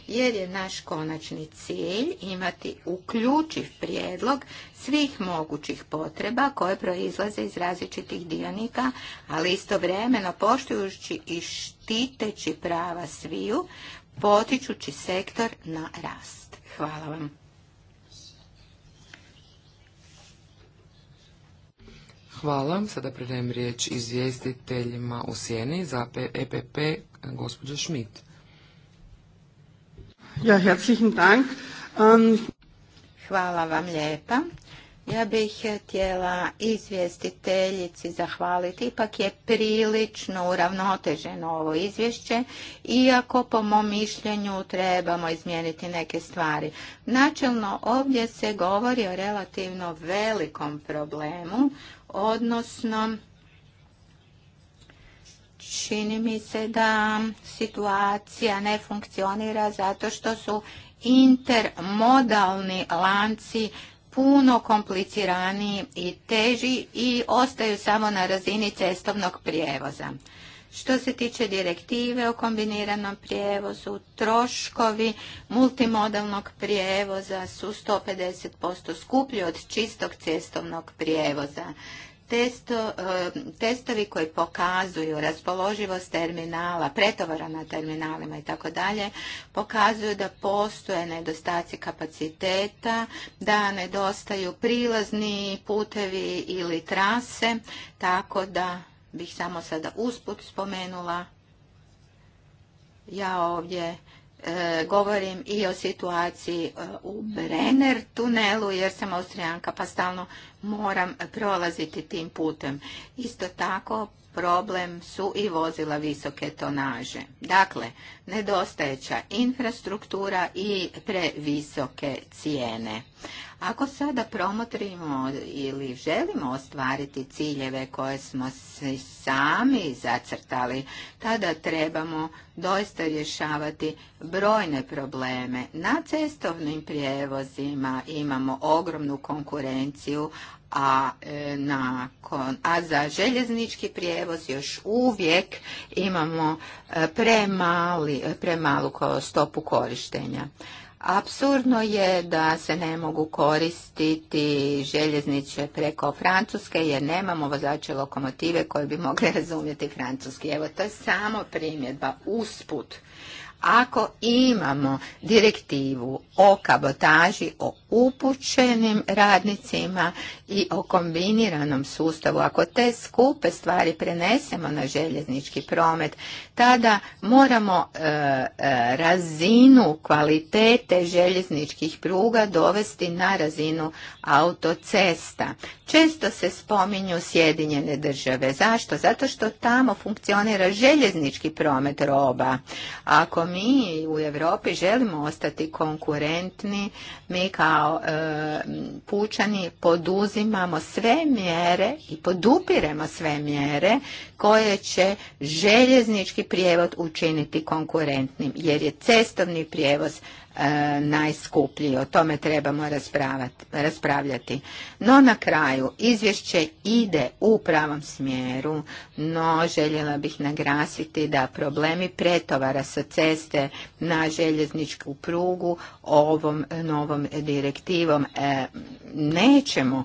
jer je naš konačni cilj imati uključiv prijedlog svih mogućih potreba koje proizlaze iz različitih dionika, ali istovremeno poštujući i štiteći prava sviju, potičući sektor na rast. Hvala vam. Hvala. Sada predajem riječ izvjestiteljima u sjeni za EPP, e gospođa Šmit. Ja, ähm, Hvala vam lijepa. Ja bih htjela izvjestiteljici zahvaliti, ipak je prilično uravnoteženo ovo izvješće, iako po mom mišljenju trebamo izmijeniti neke stvari. Načelno ovdje se govori o relativno velikom problemu, odnosno čini mi se da situacija ne funkcionira zato što su intermodalni lanci puno kompliciraniji i teži i ostaju samo na razini cestovnog prijevoza. Što se tiče direktive o kombiniranom prijevozu, troškovi multimodalnog prijevoza su 150% skuplji od čistog cestovnog prijevoza. Eh, testovi koji pokazuju raspoloživost terminala, pretovara na terminalima i tako dalje, pokazuju da postoje nedostaci kapaciteta, da nedostaju prilazni putevi ili trase, tako da bih samo sada usput spomenula ja ovdje E, govorim i o situaciji e, u Brenner tunelu jer sam Austrijanka pa stalno moram prolaziti tim putem. Isto tako problem su i vozila visoke tonaže. Dakle, nedostajeća infrastruktura i previsoke cijene. Ako sada promotrimo ili želimo ostvariti ciljeve koje smo sami zacrtali, tada trebamo doista rješavati brojne probleme. Na cestovnim prijevozima imamo ogromnu konkurenciju, a, e, na, a za željeznički prijevoz još uvijek imamo e, premali, e, premalu stopu korištenja. Absurdno je da se ne mogu koristiti željeznice preko Francuske jer nemamo vozače lokomotive koje bi mogli razumjeti francuski. Evo, to je samo primjedba usput. Ako imamo direktivu o kabotaži, o upućenim radnicima i o kombiniranom sustavu, ako te skupe stvari prenesemo na željeznički promet, tada moramo e, e, razinu kvalitete željezničkih pruga dovesti na razinu autocesta. Često se spominju Sjedinjene države. Zašto? Zato što tamo funkcionira željeznički promet roba. Ako mi u Europi želimo ostati konkurentni, mi kao e, pučani poduzimamo sve mjere i podupiremo sve mjere koje će željeznički prijevod učiniti konkurentnim jer je cestovni prijevoz E, najskuplji. O tome trebamo raspravljati. No na kraju, izvješće ide u pravom smjeru, no željela bih nagrasiti da problemi pretovara sa ceste na željezničku prugu ovom novom direktivom e, nećemo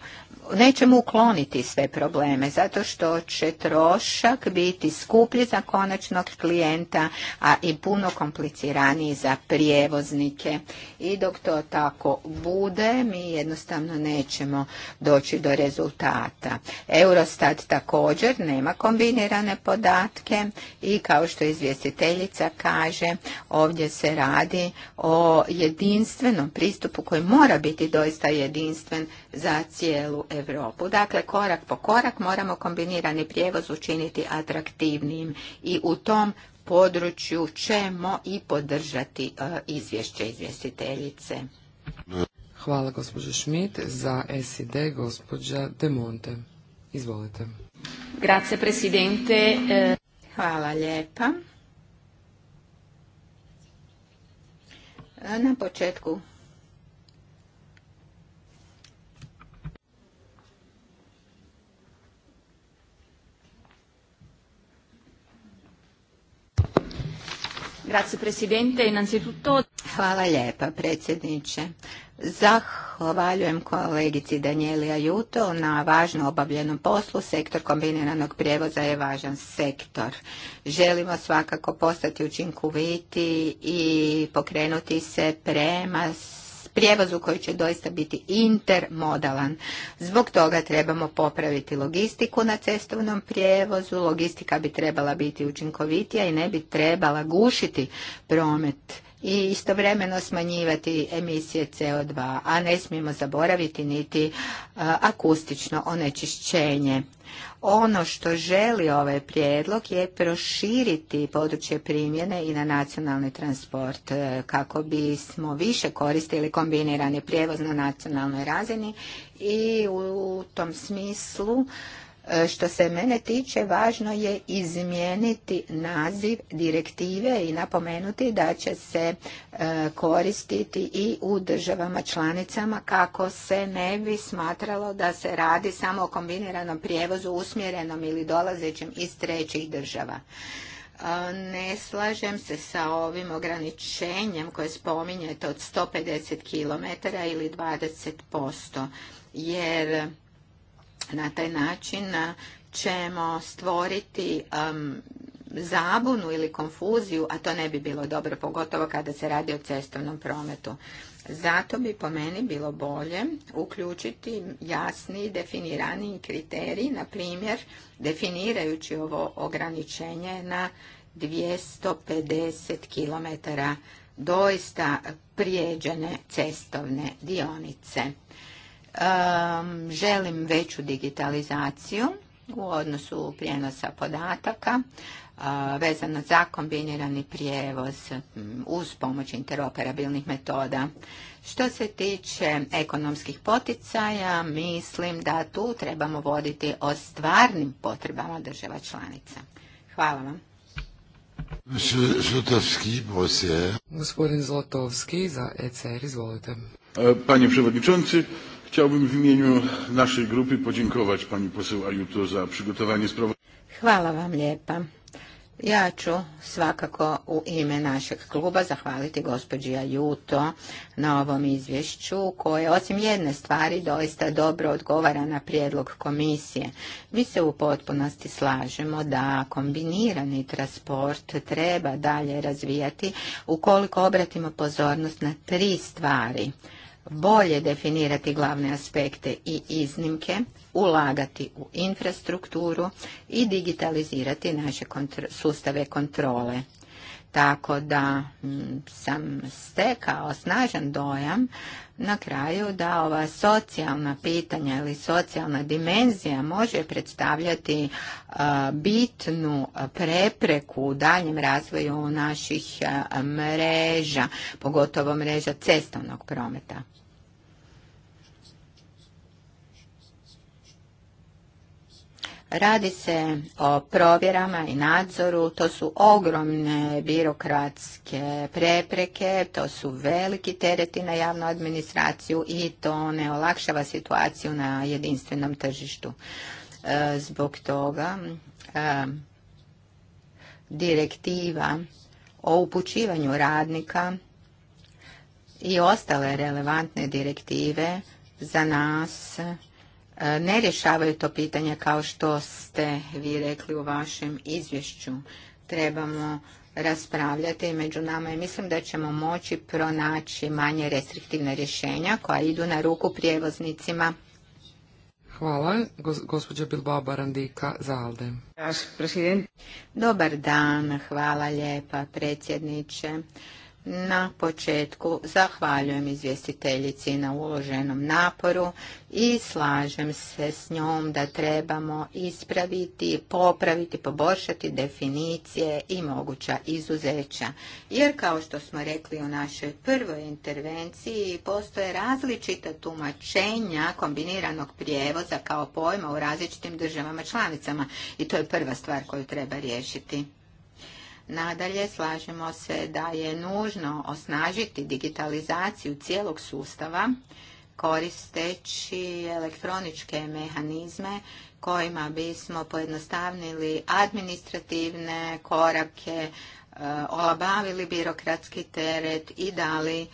nećemo ukloniti sve probleme zato što će trošak biti skuplji za konačnog klijenta, a i puno kompliciraniji za prijevoznike. I dok to tako bude, mi jednostavno nećemo doći do rezultata. Eurostat također nema kombinirane podatke i kao što izvjestiteljica kaže, ovdje se radi o jedinstvenom pristupu koji mora biti doista jedinstven za cijelu Europu. Dakle, korak po korak moramo kombinirani prijevoz učiniti atraktivnim i u tom području ćemo i podržati e, izvješće izvjestiteljice. Hvala gospođo Šmit. Za SID gospođa De Monte. Izvolite. Grazie presidente. E, Hvala lijepa. Na početku Hvala lijepa predsjedniče. Zahvaljujem kolegici Danijeli Ajuto na važno obavljenom poslu. Sektor kombiniranog prijevoza je važan sektor. Želimo svakako postati učinkoviti i pokrenuti se prema prijevozu koji će doista biti intermodalan. Zbog toga trebamo popraviti logistiku na cestovnom prijevozu. Logistika bi trebala biti učinkovitija i ne bi trebala gušiti promet i istovremeno smanjivati emisije CO2, a ne smijemo zaboraviti niti e, akustično onečišćenje. Ono što želi ovaj prijedlog je proširiti područje primjene i na nacionalni transport e, kako bismo više koristili kombinirani prijevoz na nacionalnoj razini i u tom smislu E, što se mene tiče, važno je izmijeniti naziv direktive i napomenuti da će se e, koristiti i u državama članicama kako se ne bi smatralo da se radi samo o kombiniranom prijevozu usmjerenom ili dolazećem iz trećih država. E, ne slažem se sa ovim ograničenjem koje spominjete od 150 km ili 20%, jer na taj način ćemo stvoriti zabunu ili konfuziju, a to ne bi bilo dobro, pogotovo kada se radi o cestovnom prometu. Zato bi po meni bilo bolje uključiti jasni definirani kriterij, na primjer definirajući ovo ograničenje na 250 km doista prijeđene cestovne dionice želim veću digitalizaciju u odnosu prijenosa podataka eh, vezano za kombinirani prijevoz uz pomoć interoperabilnih metoda. Što se tiče ekonomskih poticaja, mislim da tu trebamo voditi o stvarnim potrebama država članica. Hvala vam. Gospodin Zlotovski za ECR, izvolite. E, panie przewodniczący, Chciałbym w imieniu naszej grupy podziękować pani poseł Ajuto za przygotowanie Hvala vam lijepa. Ja ću svakako u ime našeg kluba zahvaliti gospođi Ajuto na ovom izvješću koje osim jedne stvari doista dobro odgovara na prijedlog komisije. Mi se u potpunosti slažemo da kombinirani transport treba dalje razvijati ukoliko obratimo pozornost na tri stvari – bolje definirati glavne aspekte i iznimke, ulagati u infrastrukturu i digitalizirati naše sustave kontrole. Tako da m, mm, sam stekao snažan dojam na kraju da ova socijalna pitanja ili socijalna dimenzija može predstavljati e, bitnu prepreku u daljem razvoju naših e, mreža, pogotovo mreža cestovnog prometa. Radi se o provjerama i nadzoru, to su ogromne birokratske prepreke, to su veliki tereti na javnu administraciju i to ne olakšava situaciju na jedinstvenom tržištu. E, zbog toga e, direktiva o upućivanju radnika i ostale relevantne direktive za nas E, ne rješavaju to pitanje kao što ste vi rekli u vašem izvješću. Trebamo raspravljati među nama i mislim da ćemo moći pronaći manje restriktivne rješenja koja idu na ruku prijevoznicima. Hvala, Bilbao Barandika za Dobar dan, hvala lijepa predsjedniče. Na početku zahvaljujem izvjestiteljici na uloženom naporu i slažem se s njom da trebamo ispraviti, popraviti, poboljšati definicije i moguća izuzeća. Jer kao što smo rekli u našoj prvoj intervenciji, postoje različita tumačenja kombiniranog prijevoza kao pojma u različitim državama članicama i to je prva stvar koju treba riješiti. Nadalje, slažemo se da je nužno osnažiti digitalizaciju cijelog sustava koristeći elektroničke mehanizme kojima bismo pojednostavnili administrativne korake, e, olabavili birokratski teret i dali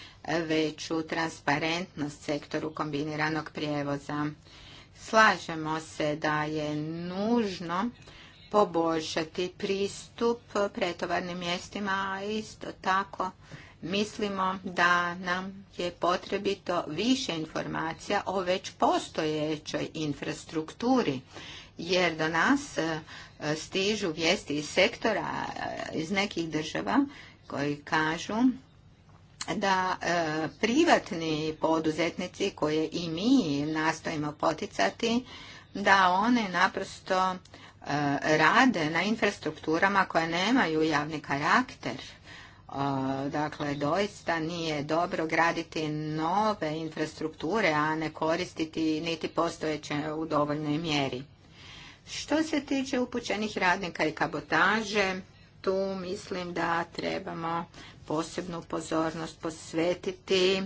veću transparentnost sektoru kombiniranog prijevoza. Slažemo se da je nužno poboljšati pristup pretovarnim mjestima, a isto tako mislimo da nam je potrebito više informacija o već postojećoj infrastrukturi jer do nas e, stižu vijesti iz sektora e, iz nekih država koji kažu da e, privatni poduzetnici koje i mi nastojimo poticati da one naprosto E, rade na infrastrukturama koje nemaju javni karakter. E, dakle, doista nije dobro graditi nove infrastrukture, a ne koristiti niti postojeće u dovoljnoj mjeri. Što se tiče upućenih radnika i kabotaže, tu mislim da trebamo posebnu pozornost posvetiti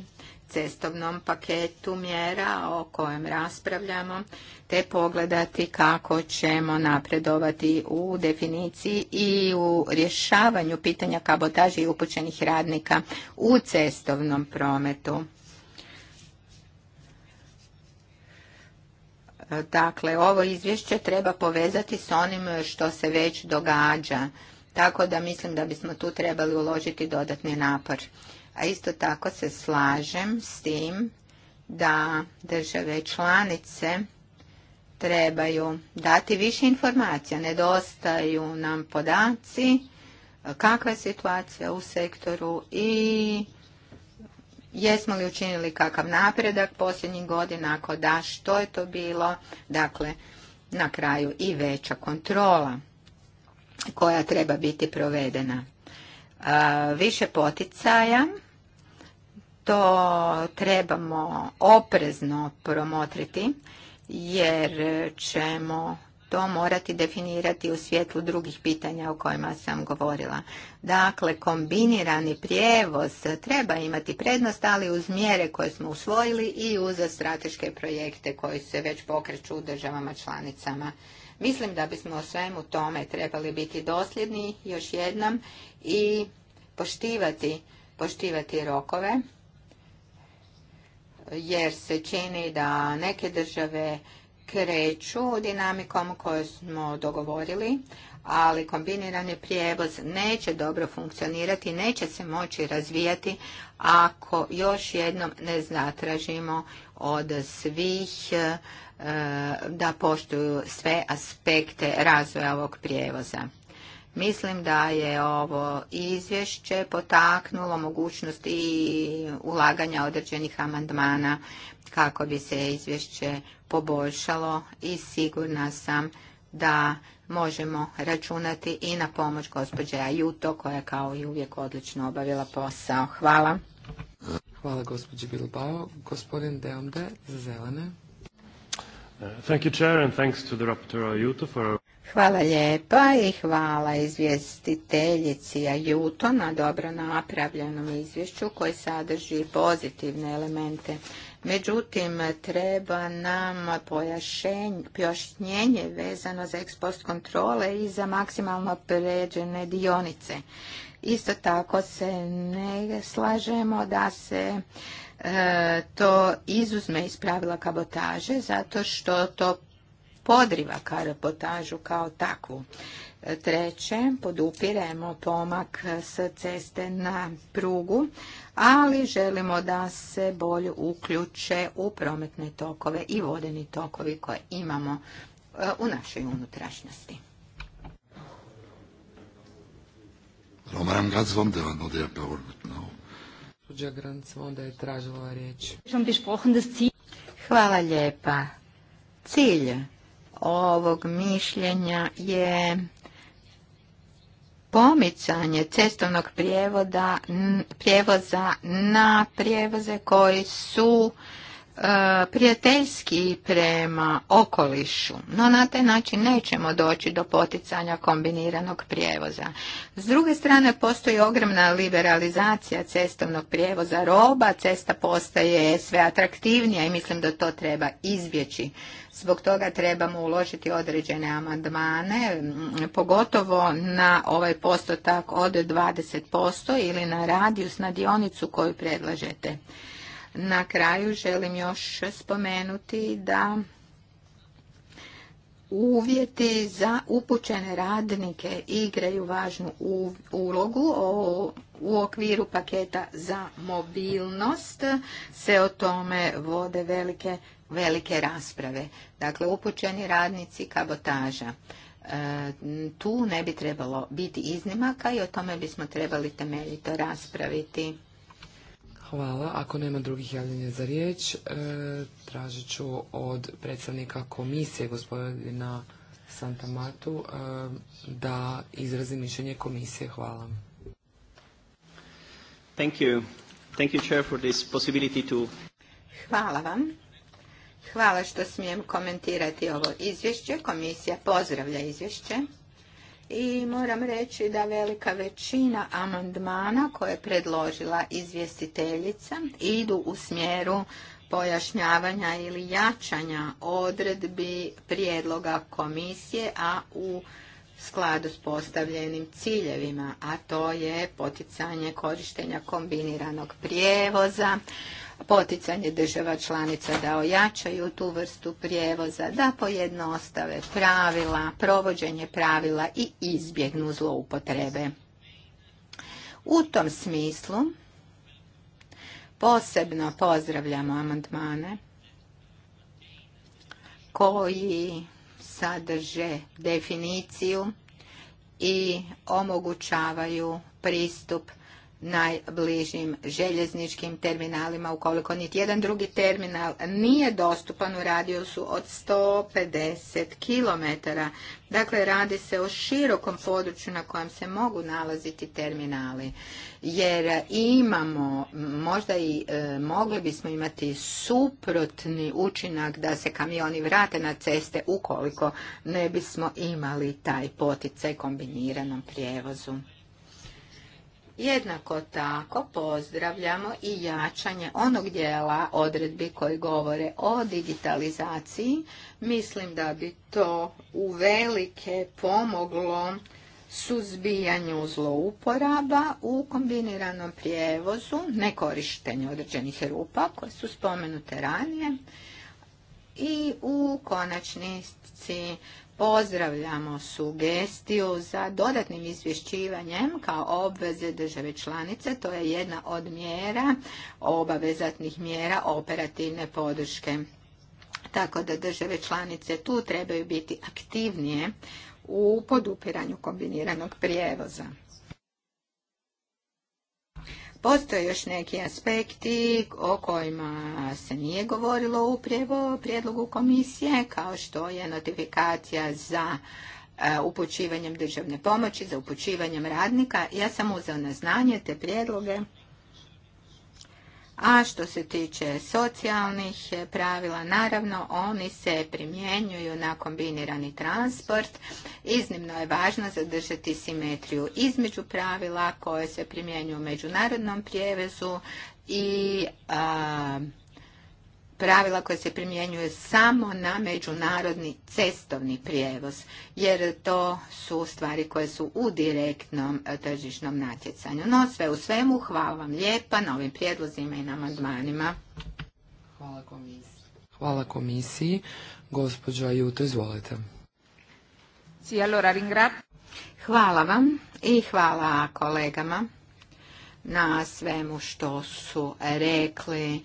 cestovnom paketu mjera o kojem raspravljamo, te pogledati kako ćemo napredovati u definiciji i u rješavanju pitanja kabotaže i upućenih radnika u cestovnom prometu. Dakle, ovo izvješće treba povezati s onim što se već događa, tako da mislim da bismo tu trebali uložiti dodatni napor. A isto tako se slažem s tim da države članice trebaju dati više informacija. Nedostaju nam podaci, kakva je situacija u sektoru i jesmo li učinili kakav napredak posljednjih godina, ako da, što je to bilo. Dakle, na kraju i veća kontrola koja treba biti provedena. više poticaja to trebamo oprezno promotriti jer ćemo to morati definirati u svjetlu drugih pitanja o kojima sam govorila. Dakle, kombinirani prijevoz treba imati prednost, ali uz mjere koje smo usvojili i uz strateške projekte koji se već pokreću u državama članicama. Mislim da bismo o svemu tome trebali biti dosljedni još jednom i poštivati, poštivati rokove jer se čini da neke države kreću dinamikom koju smo dogovorili, ali kombinirani prijevoz neće dobro funkcionirati, neće se moći razvijati ako još jednom ne zatražimo od svih e, da poštuju sve aspekte razvoja ovog prijevoza. Mislim da je ovo izvješće potaknulo mogućnost i ulaganja određenih amandmana kako bi se izvješće poboljšalo i sigurna sam da možemo računati i na pomoć gospođe Ajuto koja je kao i uvijek odlično obavila posao. Hvala. Hvala gospođi Bilbao. Gospodin Deonde za zelene. Uh, thank you, Chair, Hvala lijepa i hvala izvjestiteljici Ajuto na dobro napravljenom izvješću koji sadrži pozitivne elemente. Međutim, treba nam pojašnjenje vezano za ekspost kontrole i za maksimalno pređene dionice. Isto tako se ne slažemo da se e, to izuzme iz pravila kabotaže zato što to podriva karapotažu kao takvu. Treće, podupiremo pomak s ceste na prugu, ali želimo da se bolje uključe u prometne tokove i vodeni tokovi koje imamo e, u našoj unutrašnjosti. je tražila riječ. Hvala lijepa. Cilj ovog mišljenja je pomicanje cestovnog prijevoda, prijevoza na prijevoze koji su prijateljski prema okolišu, no na taj način nećemo doći do poticanja kombiniranog prijevoza. S druge strane, postoji ogromna liberalizacija cestovnog prijevoza roba, cesta postaje sve atraktivnija i mislim da to treba izbjeći. Zbog toga trebamo uložiti određene amandmane, pogotovo na ovaj postotak od 20% ili na radijus, na dionicu koju predlažete. Na kraju želim još spomenuti da uvjeti za upućene radnike igraju važnu ulogu u okviru paketa za mobilnost se o tome vode velike, velike rasprave. Dakle, upućeni radnici kabotaža. E, tu ne bi trebalo biti iznimaka i o tome bismo trebali temeljito raspraviti. Hvala. Ako nema drugih javljenja za riječ, e, tražit ću od predstavnika komisije gospodina Santa e, da izrazi mišljenje komisije. Hvala. Thank you. Thank to... Hvala vam. Hvala što smijem komentirati ovo izvješće. Komisija pozdravlja izvješće i moram reći da velika većina amandmana koje je predložila izvjestiteljica idu u smjeru pojašnjavanja ili jačanja odredbi prijedloga komisije, a u skladu s postavljenim ciljevima, a to je poticanje korištenja kombiniranog prijevoza, poticanje država članica da ojačaju tu vrstu prijevoza, da pojednostave pravila, provođenje pravila i izbjegnu zloupotrebe. U tom smislu posebno pozdravljamo amandmane koji sadrže definiciju i omogućavaju pristup najbližim željezničkim terminalima, ukoliko niti jedan drugi terminal nije dostupan u radijusu od 150 km. Dakle, radi se o širokom području na kojem se mogu nalaziti terminali. Jer imamo, možda i e, mogli bismo imati suprotni učinak da se kamioni vrate na ceste ukoliko ne bismo imali taj poticaj kombiniranom prijevozu. Jednako tako pozdravljamo i jačanje onog dijela odredbi koji govore o digitalizaciji. Mislim da bi to uvelike pomoglo suzbijanju zlouporaba u kombiniranom prijevozu, nekorištenju određenih rupa koje su spomenute ranije i u konačnici Pozdravljamo sugestiju za dodatnim izvješćivanjem kao obveze države članice. To je jedna od mjera, obavezatnih mjera operativne podrške. Tako da države članice tu trebaju biti aktivnije u podupiranju kombiniranog prijevoza. Postoje još neki aspekti o kojima se nije govorilo u prijedlogu komisije, kao što je notifikacija za e, upućivanjem državne pomoći, za upućivanjem radnika. Ja sam uzela na znanje te prijedloge a što se tiče socijalnih pravila, naravno oni se primjenjuju na kombinirani transport. Iznimno je važno zadržati simetriju između pravila koje se primjenjuju u međunarodnom prijevezu i pravila koje se primjenjuje samo na međunarodni cestovni prijevoz, jer to su stvari koje su u direktnom e, tržišnom natjecanju. No, sve u svemu, hvala vam lijepa na ovim prijedlozima i na amandmanima. Hvala komisiji. Hvala komisiji. Juto, izvolite. Hvala vam i hvala kolegama na svemu što su rekli e,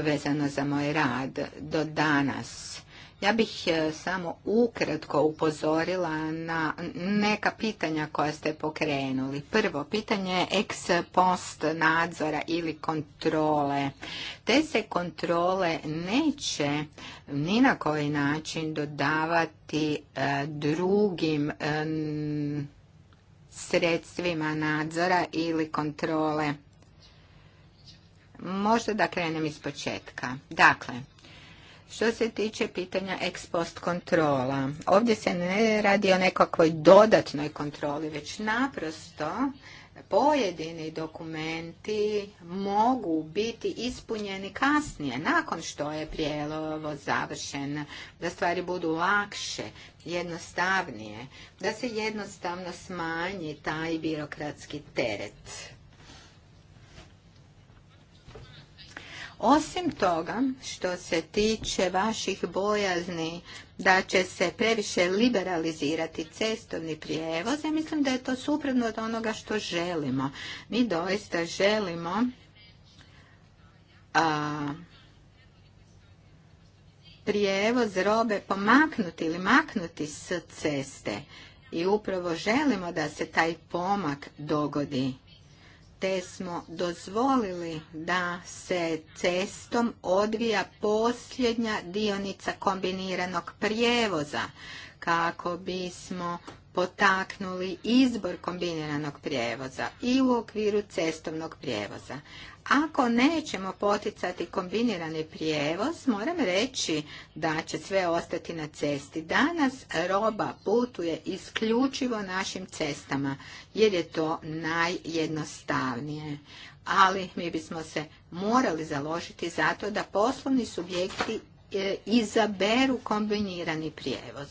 vezano za moj rad do danas. Ja bih e, samo ukratko upozorila na neka pitanja koja ste pokrenuli. Prvo, pitanje je ex post nadzora ili kontrole. Te se kontrole neće ni na koji način dodavati e, drugim sredstvima nadzora ili kontrole. Možda da krenem iz početka. Dakle, što se tiče pitanja ex post kontrola, ovdje se ne radi o nekakvoj dodatnoj kontroli, već naprosto pojedini dokumenti mogu biti ispunjeni kasnije, nakon što je prijelovo završen, da stvari budu lakše, jednostavnije, da se jednostavno smanji taj birokratski teret. Osim toga, što se tiče vaših bojazni da će se previše liberalizirati cestovni prijevoz. Ja mislim da je to suprotno od onoga što želimo. Mi doista želimo a, prijevoz robe pomaknuti ili maknuti s ceste. I upravo želimo da se taj pomak dogodi te smo dozvolili da se cestom odvija posljednja dionica kombiniranog prijevoza kako bismo potaknuli izbor kombiniranog prijevoza i u okviru cestovnog prijevoza. Ako nećemo poticati kombinirani prijevoz, moram reći da će sve ostati na cesti. Danas roba putuje isključivo našim cestama, jer je to najjednostavnije. Ali mi bismo se morali založiti zato da poslovni subjekti e, izaberu kombinirani prijevoz.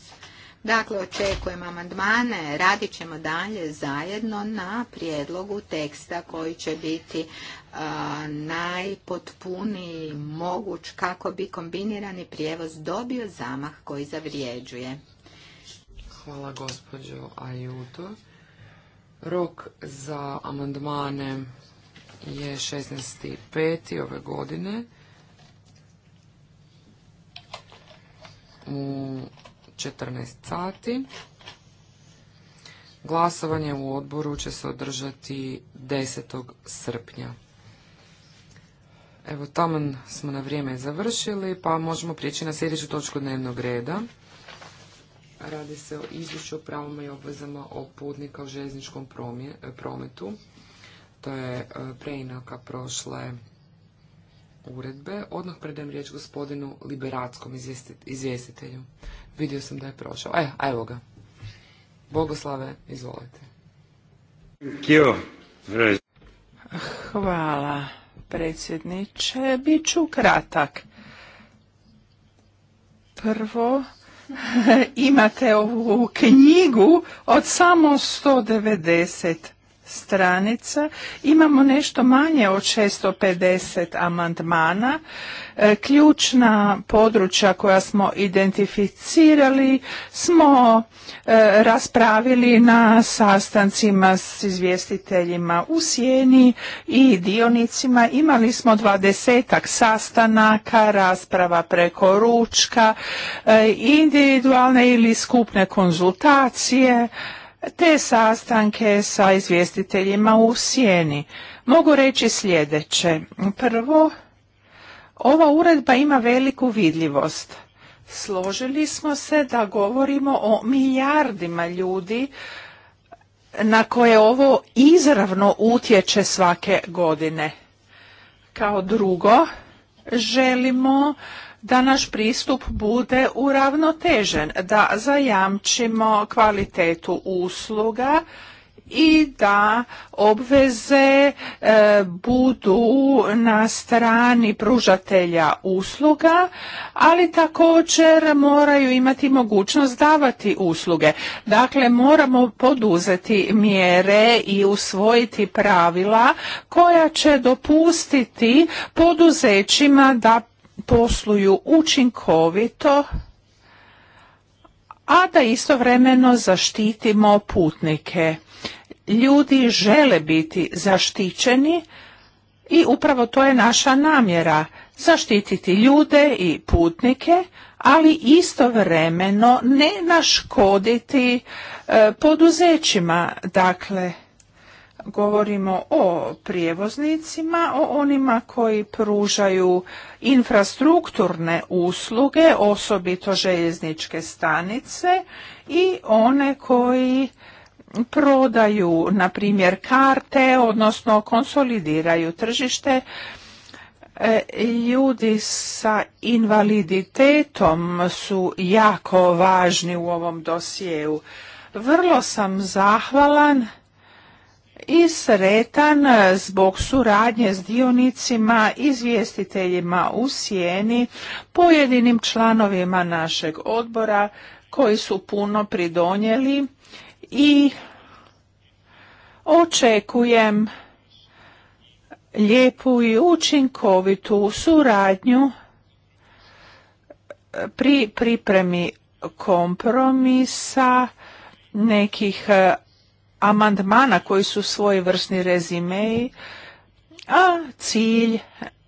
Dakle, očekujem amandmane, radit ćemo dalje zajedno na prijedlogu teksta koji će biti najpotpuniji moguć kako bi kombinirani prijevoz dobio zamah koji zavrijeđuje. Hvala gospođo Ajuto. Rok za amandmane je 16.5. ove godine. U 14 sati. Glasovanje u odboru će se održati 10. srpnja. Evo, tamo smo na vrijeme završili, pa možemo prijeći na sljedeću točku dnevnog reda. Radi se o izvješću o pravima i obvezama o putnika u željezničkom prometu. To je e, preinaka prošle uredbe. Odmah predajem riječ gospodinu liberatskom izvjestitelju. Vidio sam da je prošao. E, evo ga. Bogoslave, izvolite. Hvala, predsjedniče. Biću kratak. Prvo, imate ovu knjigu od samo 190 stranica. Imamo nešto manje od 650 amandmana. E, ključna područja koja smo identificirali smo e, raspravili na sastancima s izvjestiteljima u Sjeni i dionicima. Imali smo dvadesetak sastanaka, rasprava preko ručka, e, individualne ili skupne konzultacije te sastanke sa izvjestiteljima u sjeni. Mogu reći sljedeće. Prvo, ova uredba ima veliku vidljivost. Složili smo se da govorimo o milijardima ljudi na koje ovo izravno utječe svake godine. Kao drugo, želimo da naš pristup bude uravnotežen, da zajamčimo kvalitetu usluga i da obveze e, budu na strani pružatelja usluga, ali također moraju imati mogućnost davati usluge. Dakle, moramo poduzeti mjere i usvojiti pravila koja će dopustiti poduzećima da posluju učinkovito, a da istovremeno zaštitimo putnike. Ljudi žele biti zaštićeni i upravo to je naša namjera, zaštititi ljude i putnike, ali istovremeno ne naškoditi e, poduzećima. Dakle, govorimo o prijevoznicima, o onima koji pružaju infrastrukturne usluge, osobito željezničke stanice i one koji prodaju, na primjer, karte, odnosno konsolidiraju tržište. E, ljudi sa invaliditetom su jako važni u ovom dosjeu. Vrlo sam zahvalan i sretan zbog suradnje s dionicima, izvjestiteljima u sjeni, pojedinim članovima našeg odbora koji su puno pridonijeli i očekujem lijepu i učinkovitu suradnju pri pripremi kompromisa nekih amandmana koji su vrsni rezimeji, a cilj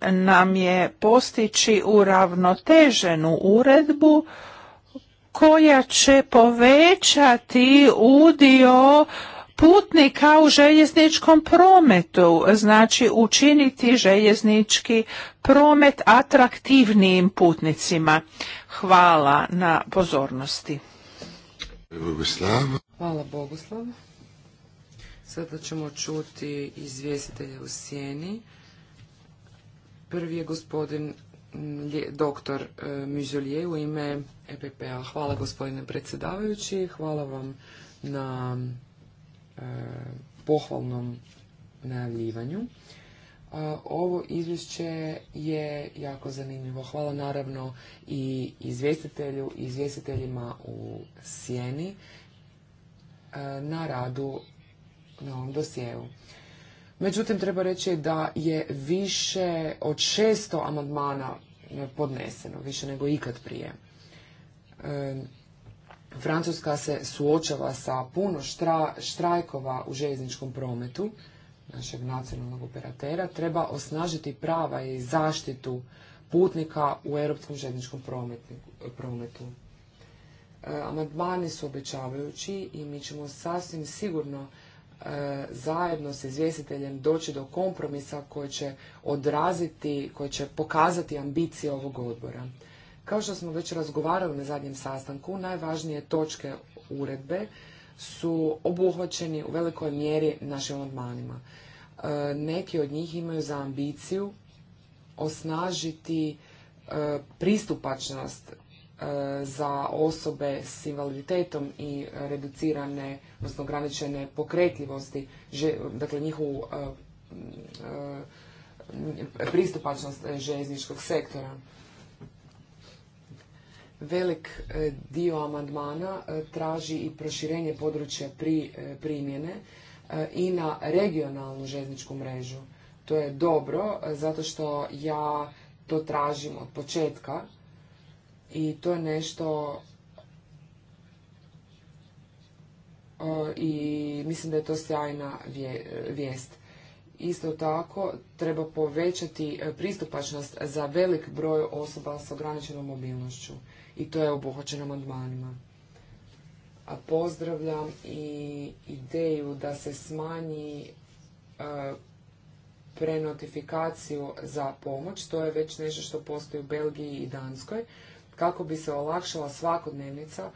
nam je postići uravnoteženu uredbu koja će povećati udio putnika u željezničkom prometu, znači učiniti željeznički promet atraktivnijim putnicima. Hvala na pozornosti. Hvala Boguslavu. Sada ćemo čuti izvjestitelje u sjeni. Prvi je gospodin mm, doktor e, Mizolije u ime EPP-a. Hvala gospodine predsjedavajući, hvala vam na e, pohvalnom najavljivanju. ovo izvješće je jako zanimljivo. Hvala naravno i izvjestitelju i izvjestiteljima u Sjeni e, na radu na ovom dosjeu. Međutim, treba reći da je više od šesto amandmana podneseno, više nego ikad prije. E, Francuska se suočava sa puno štrajkova u željezničkom prometu našeg nacionalnog operatera. Treba osnažiti prava i zaštitu putnika u europskom željezničkom prometu. E, amandmani su obećavajući i mi ćemo sasvim sigurno E, zajedno sa izvjestiteljem doći do kompromisa koji će odraziti, koji će pokazati ambicije ovog odbora. Kao što smo već razgovarali na zadnjem sastanku, najvažnije točke uredbe su obuhvaćeni u velikoj mjeri našim odmanima. E, neki od njih imaju za ambiciju osnažiti e, pristupačnost za osobe s invaliditetom i reducirane, odnosno ograničene pokretljivosti, dakle njihovu e, e, pristupačnost željezničkog sektora. Velik e, dio amandmana traži i proširenje područja pri, primjene i na regionalnu željezničku mrežu. To je dobro, zato što ja to tražim od početka i to je nešto i mislim da je to sjajna vijest. Isto tako treba povećati e, pristupačnost za velik broj osoba s ograničenom mobilnošću i to je obuhvaćeno amandmanima. A pozdravljam i ideju da se smanji e, prenotifikaciju za pomoć, to je već nešto što postoji u Belgiji i Danskoj, kako bi se olakšala svakodnevnica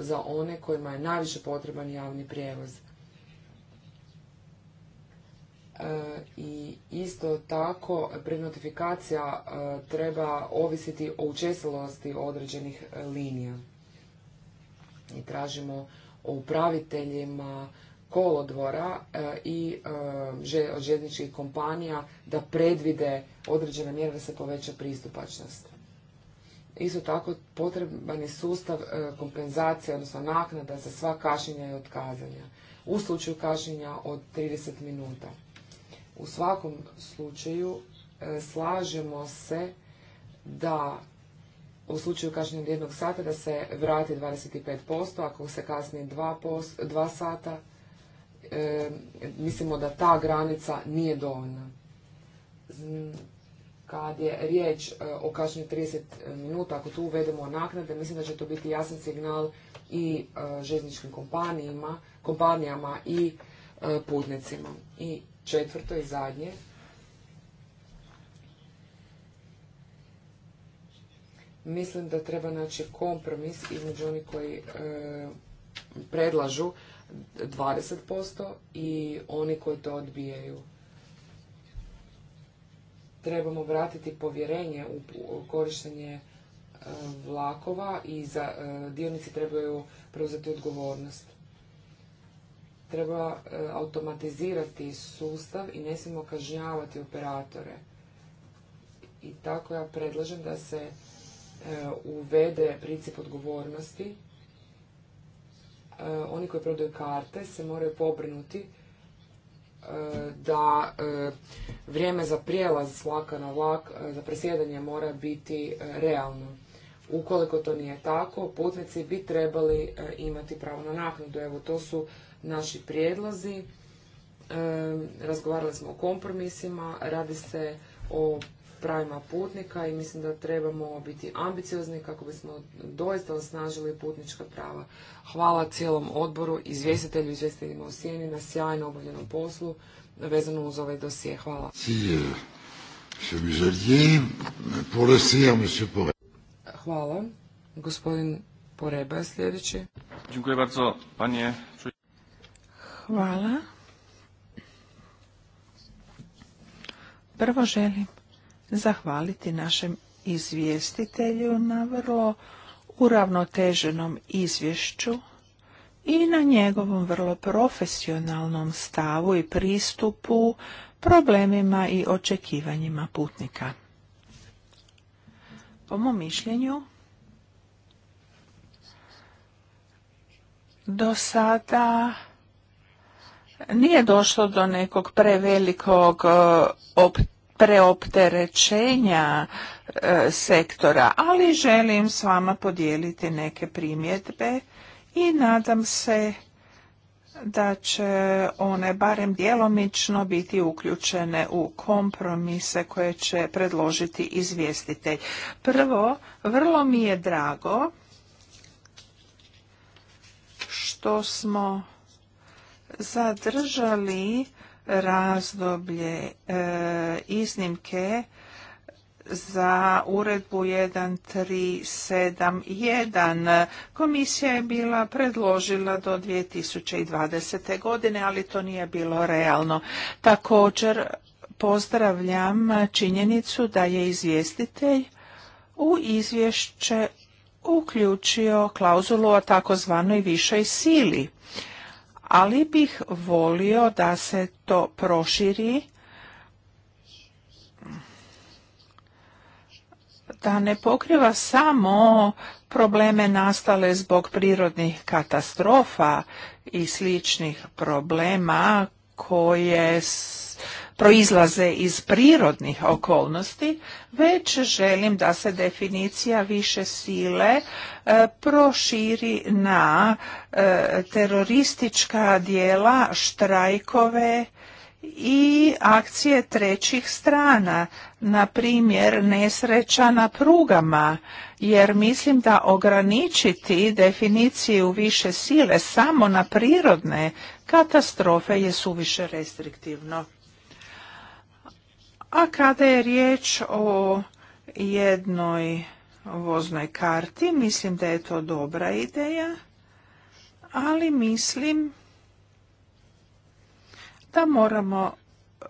za one kojima je najviše potreban javni prijevoz. E, I isto tako prenotifikacija e, treba ovisiti o učestalosti određenih e, linija. I tražimo o upraviteljima kolodvora i željezničkih kompanija da predvide određene mjere da se poveća pristupačnost. Isto tako potreban je sustav e, kompenzacije, odnosno naknada za sva kašnjenja i otkazanja. U slučaju kašnjenja od 30 minuta. U svakom slučaju e, slažemo se da u slučaju kašnjenja od jednog sata da se vrati 25%, ako se kasni dva sata, e, mislimo da ta granica nije dovoljna kad je riječ e, o kašnjenju 30 e, minuta, ako tu uvedemo naknade, mislim da će to biti jasan signal i e, željezničkim kompanijama, kompanijama i putnicima. I četvrto i zadnje, mislim da treba naći kompromis između onih koji predlažu 20% i oni koji to odbijaju trebamo vratiti povjerenje u korištenje e, vlakova i za e, dionici trebaju preuzeti odgovornost. Treba e, automatizirati sustav i ne smijemo kažnjavati operatore. I tako ja predlažem da se uvede princip odgovornosti. Oni koji prodaju karte se moraju pobrinuti E, da e, vrijeme za prijelaz s vlaka na vlak e, za presjedanje mora biti realno. Ukoliko to nije tako, putnici bi trebali imati pravo na naknadu. Evo, to su naši prijedlozi. Razgovarali smo o kompromisima. Radi se o pravima putnika i mislim da trebamo biti ambiciozni kako bismo doista osnažili putnička prava. Hvala cijelom odboru, izvjestitelju, izvjestiteljima u Sijeni na sjajno obavljenom poslu vezano uz ovaj dosije. Hvala. Eh, Hvala. Gospodin Poreba sljedeći. Hvala. Prvo želim zahvaliti našem izvjestitelju na vrlo uravnoteženom izvješću i na njegovom vrlo profesionalnom stavu i pristupu problemima i očekivanjima putnika. Po mom mišljenju, do sada nije došlo do nekog prevelikog e, opt preopterećenja e, sektora, ali želim s vama podijeliti neke primjetbe i nadam se da će one barem djelomično biti uključene u kompromise koje će predložiti izvjestitelj. Prvo, vrlo mi je drago što smo zadržali razdoblje e, iznimke za uredbu 1371. Komisija je bila predložila do 2020. godine, ali to nije bilo realno. Također pozdravljam činjenicu da je izvjestitelj u izvješće uključio klauzulu o takozvanoj višoj sili ali bih volio da se to proširi da ne pokriva samo probleme nastale zbog prirodnih katastrofa i sličnih problema koje proizlaze iz prirodnih okolnosti, već želim da se definicija više sile e, proširi na e, teroristička dijela, štrajkove, i akcije trećih strana, na primjer nesreća na prugama, jer mislim da ograničiti definiciju više sile samo na prirodne katastrofe je suviše restriktivno. A kada je riječ o jednoj voznoj karti, mislim da je to dobra ideja, ali mislim da moramo e,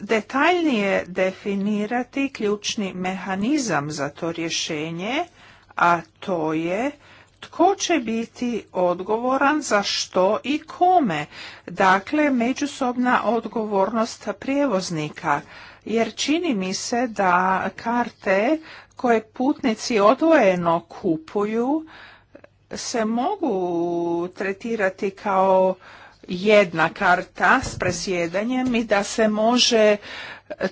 detaljnije definirati ključni mehanizam za to rješenje, a to je tko će biti odgovoran za što i kome. Dakle, međusobna odgovornost prijevoznika. Jer čini mi se da karte koje putnici odvojeno kupuju se mogu tretirati kao jedna karta s presjedanjem i da se može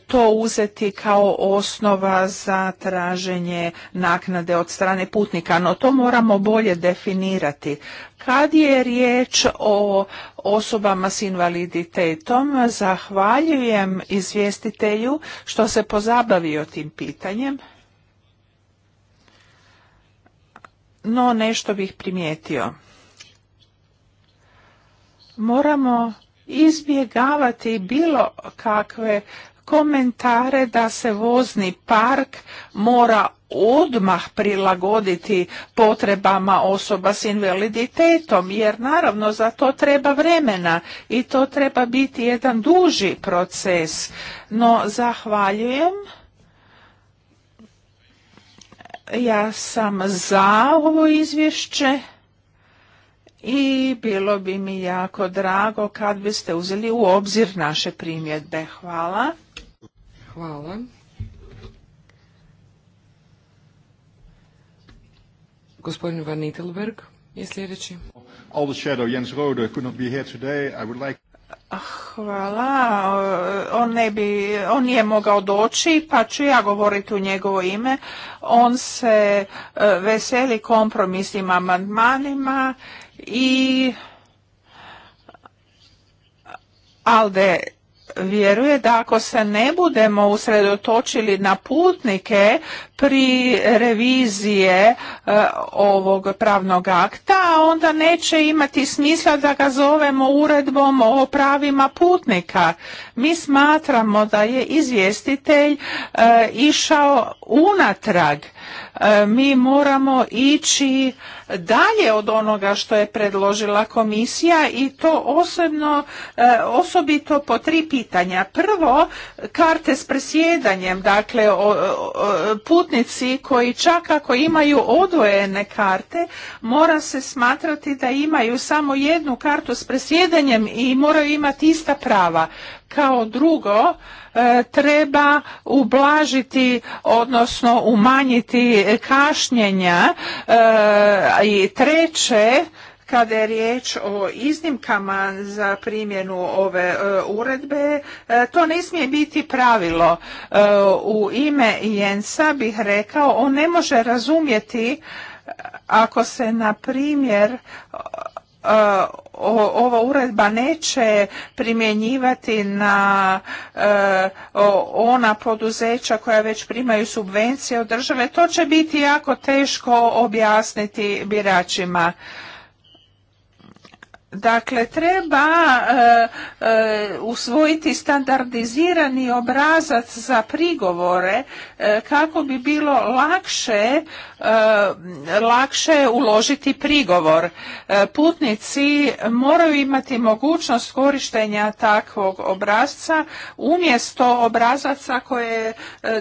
to uzeti kao osnova za traženje naknade od strane putnika, no to moramo bolje definirati. Kad je riječ o osobama s invaliditetom, zahvaljujem izvjestitelju što se pozabavio tim pitanjem. No nešto bih primijetio. Moramo izbjegavati bilo kakve komentare da se vozni park mora odmah prilagoditi potrebama osoba s invaliditetom jer naravno za to treba vremena i to treba biti jedan duži proces. No zahvaljujem. Ja sam za ovo izvješće i bilo bi mi jako drago kad biste uzeli u obzir naše primjedbe. Hvala. Hvala. Gospodin Van Itelberg je sljedeći. All the shadow Jens Rode today. I would Hvala. On, ne bi, on nije mogao doći, pa ću ja govoriti u njegovo ime. On se e, veseli kompromisnim amandmanima i Alde vjeruje da ako se ne budemo usredotočili na putnike pri revizije e, ovog pravnog akta, onda neće imati smisla da ga zovemo uredbom o pravima putnika. Mi smatramo da je izvjestitelj e, išao unatrag E, mi moramo ići dalje od onoga što je predložila komisija i to osobno, e, osobito po tri pitanja. Prvo, karte s presjedanjem, dakle putnici koji čak ako imaju odvojene karte, mora se smatrati da imaju samo jednu kartu s presjedanjem i moraju imati ista prava. Kao drugo, e, treba ublažiti odnosno umanjiti kašnjenja e, i treće kada je riječ o iznimkama za primjenu ove e, uredbe, to ne smije biti pravilo. u ime Jensa bih rekao, on ne može razumjeti ako se, na primjer, ova uredba neće primjenjivati na e, ona poduzeća koja već primaju subvencije od države, to će biti jako teško objasniti biračima. Dakle, treba e, e, usvojiti standardizirani obrazac za prigovore e, kako bi bilo lakše, lakše uložiti prigovor. Putnici moraju imati mogućnost korištenja takvog obrazca umjesto obrazaca koje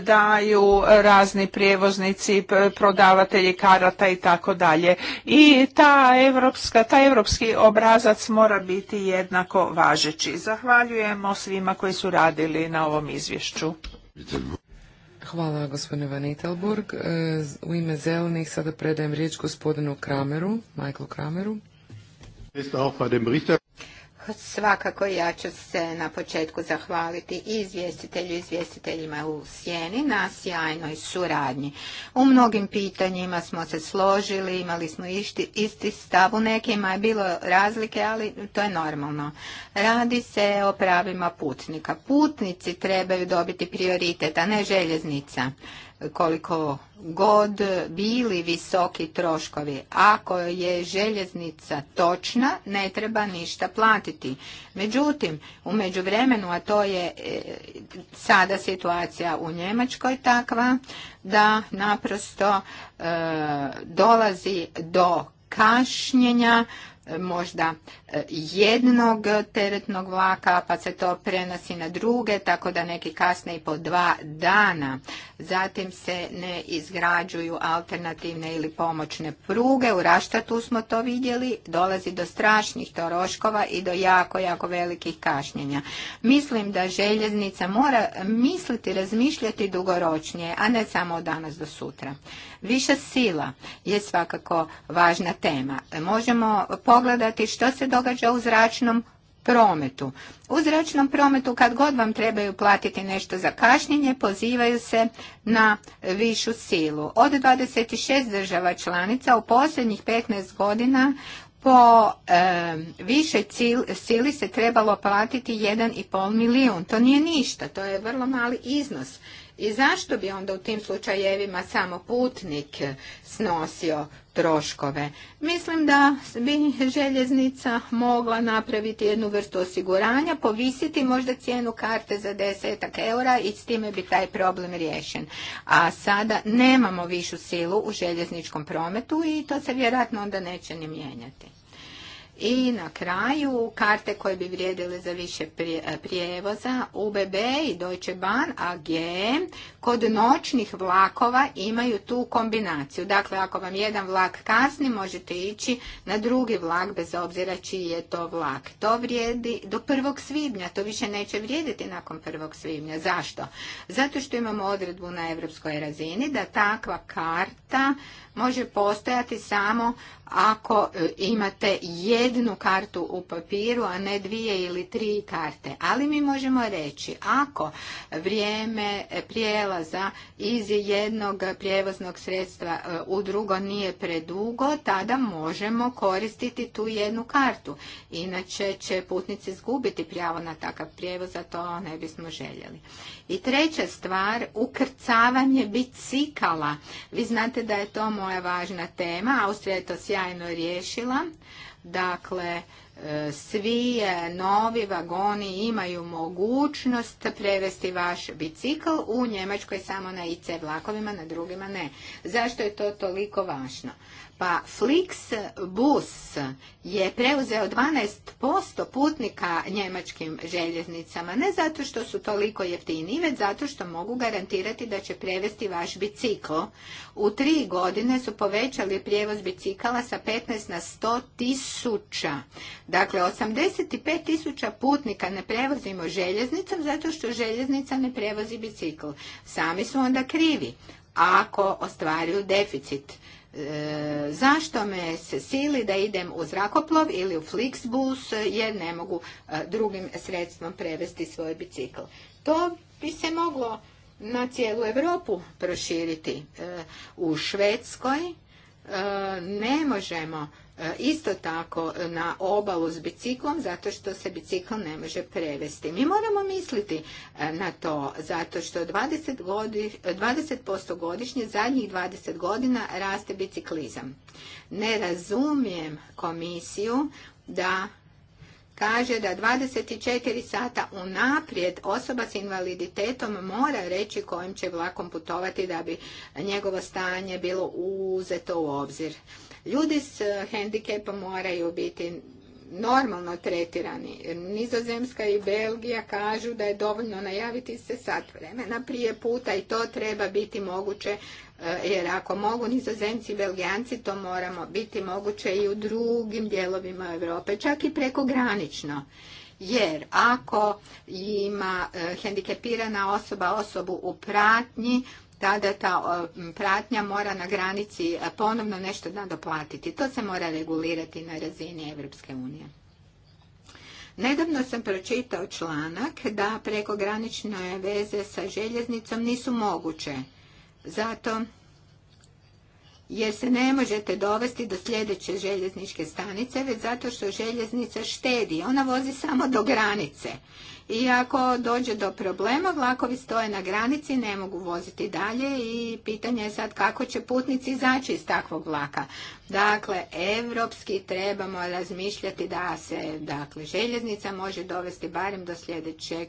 daju razni prijevoznici, prodavatelji karata i tako dalje. I ta evropska, ta evropski obrazac obrazac mora biti jednako važeći. Zahvaljujemo svima koji su radili na ovom izvješću. Hvala gospodine Van Itelburg. E, u ime zelenih sada predajem riječ gospodinu Krameru, Michaelu Krameru. Svakako ja ću se na početku zahvaliti i izvjestitelju i izvjestiteljima u Sjeni na sjajnoj suradnji. U mnogim pitanjima smo se složili, imali smo isti, isti stav, u nekima je bilo razlike, ali to je normalno. Radi se o pravima putnika. Putnici trebaju dobiti prioritet, a ne željeznica koliko god bili visoki troškovi. Ako je željeznica točna, ne treba ništa platiti. Međutim, u međuvremenu, a to je e, sada situacija u Njemačkoj takva, da naprosto e, dolazi do kašnjenja, e, možda jednog teretnog vlaka, pa se to prenosi na druge, tako da neki kasne i po dva dana. Zatim se ne izgrađuju alternativne ili pomoćne pruge. U Raštatu smo to vidjeli. Dolazi do strašnih toroškova i do jako, jako velikih kašnjenja. Mislim da željeznica mora misliti, razmišljati dugoročnije, a ne samo od danas do sutra. Viša sila je svakako važna tema. Možemo pogledati što se događa u zračnom prometu. U zračnom prometu kad god vam trebaju platiti nešto za kašnjenje, pozivaju se na višu silu. Od 26 država članica u posljednjih 15 godina po e, sili se trebalo platiti 1,5 milijun. To nije ništa, to je vrlo mali iznos. I zašto bi onda u tim slučajevima samo putnik snosio troškove. Mislim da bi željeznica mogla napraviti jednu vrstu osiguranja, povisiti možda cijenu karte za desetak eura i s time bi taj problem riješen. A sada nemamo višu silu u željezničkom prometu i to se vjerojatno onda neće ni mijenjati. I na kraju karte koje bi vrijedile za više e, prijevoza UBB i Deutsche Bahn AG kod noćnih vlakova imaju tu kombinaciju. Dakle, ako vam jedan vlak kasni, možete ići na drugi vlak bez obzira čiji je to vlak. To vrijedi do 1. svibnja, to više neće vrijediti nakon 1. svibnja. Zašto? Zato što imamo odredbu na europskoj razini da takva karta može postojati samo ako e, imate jednu kartu u papiru, a ne dvije ili tri karte. Ali mi možemo reći, ako vrijeme prijelaza iz jednog prijevoznog sredstva e, u drugo nije predugo, tada možemo koristiti tu jednu kartu. Inače će putnici izgubiti pravo na takav prijevoz, a to ne bismo željeli. I treća stvar, ukrcavanje bicikala. Vi znate da je to moja važna tema. Austrija je to sjajno riješila. Dakle, e, svi e, novi vagoni imaju mogućnost prevesti vaš bicikl u Njemačkoj samo na IC vlakovima, na drugima ne. Zašto je to toliko važno? pa Flixbus je preuzeo 12% putnika njemačkim željeznicama, ne zato što su toliko jeftini, već zato što mogu garantirati da će prevesti vaš bicikl. U tri godine su povećali prijevoz bicikala sa 15 na 100 tisuća. Dakle, 85 tisuća putnika ne prevozimo željeznicom zato što željeznica ne prevozi bicikl. Sami su onda krivi ako ostvaruju deficit E, zašto me se sili da idem u zrakoplov ili u Flixbus e, jer ne mogu e, drugim sredstvom prevesti svoj bicikl. To bi se moglo na cijelu Europu proširiti. u Švedskoj ne možemo E, isto tako na obalu s biciklom zato što se bicikl ne može prevesti. Mi moramo misliti e, na to zato što 20%, godišnje zadnjih 20 godina raste biciklizam. Ne razumijem komisiju da kaže da 24 sata unaprijed osoba s invaliditetom mora reći kojim će vlakom putovati da bi njegovo stanje bilo uzeto u obzir. Ljudi s eh, hendikepom moraju biti normalno tretirani. Nizozemska i Belgija kažu da je dovoljno najaviti se sat vremena prije puta i to treba biti moguće eh, jer ako mogu nizozemci i belgijanci to moramo biti moguće i u drugim dijelovima Europe, čak i prekogranično. Jer ako ima eh, hendikepirana osoba osobu u pratnji, tada ta pratnja mora na granici e, ponovno nešto nadoplatiti. To se mora regulirati na razini Europske unije. Nedavno sam pročitao članak da prekogranične veze sa željeznicom nisu moguće. Zato jer se ne možete dovesti do sljedeće željezničke stanice, već zato što željeznica štedi. Ona vozi samo do granice. I ako dođe do problema, vlakovi stoje na granici, ne mogu voziti dalje i pitanje je sad kako će putnici izaći iz takvog vlaka. Dakle, evropski trebamo razmišljati da se dakle, željeznica može dovesti barem do sljedećeg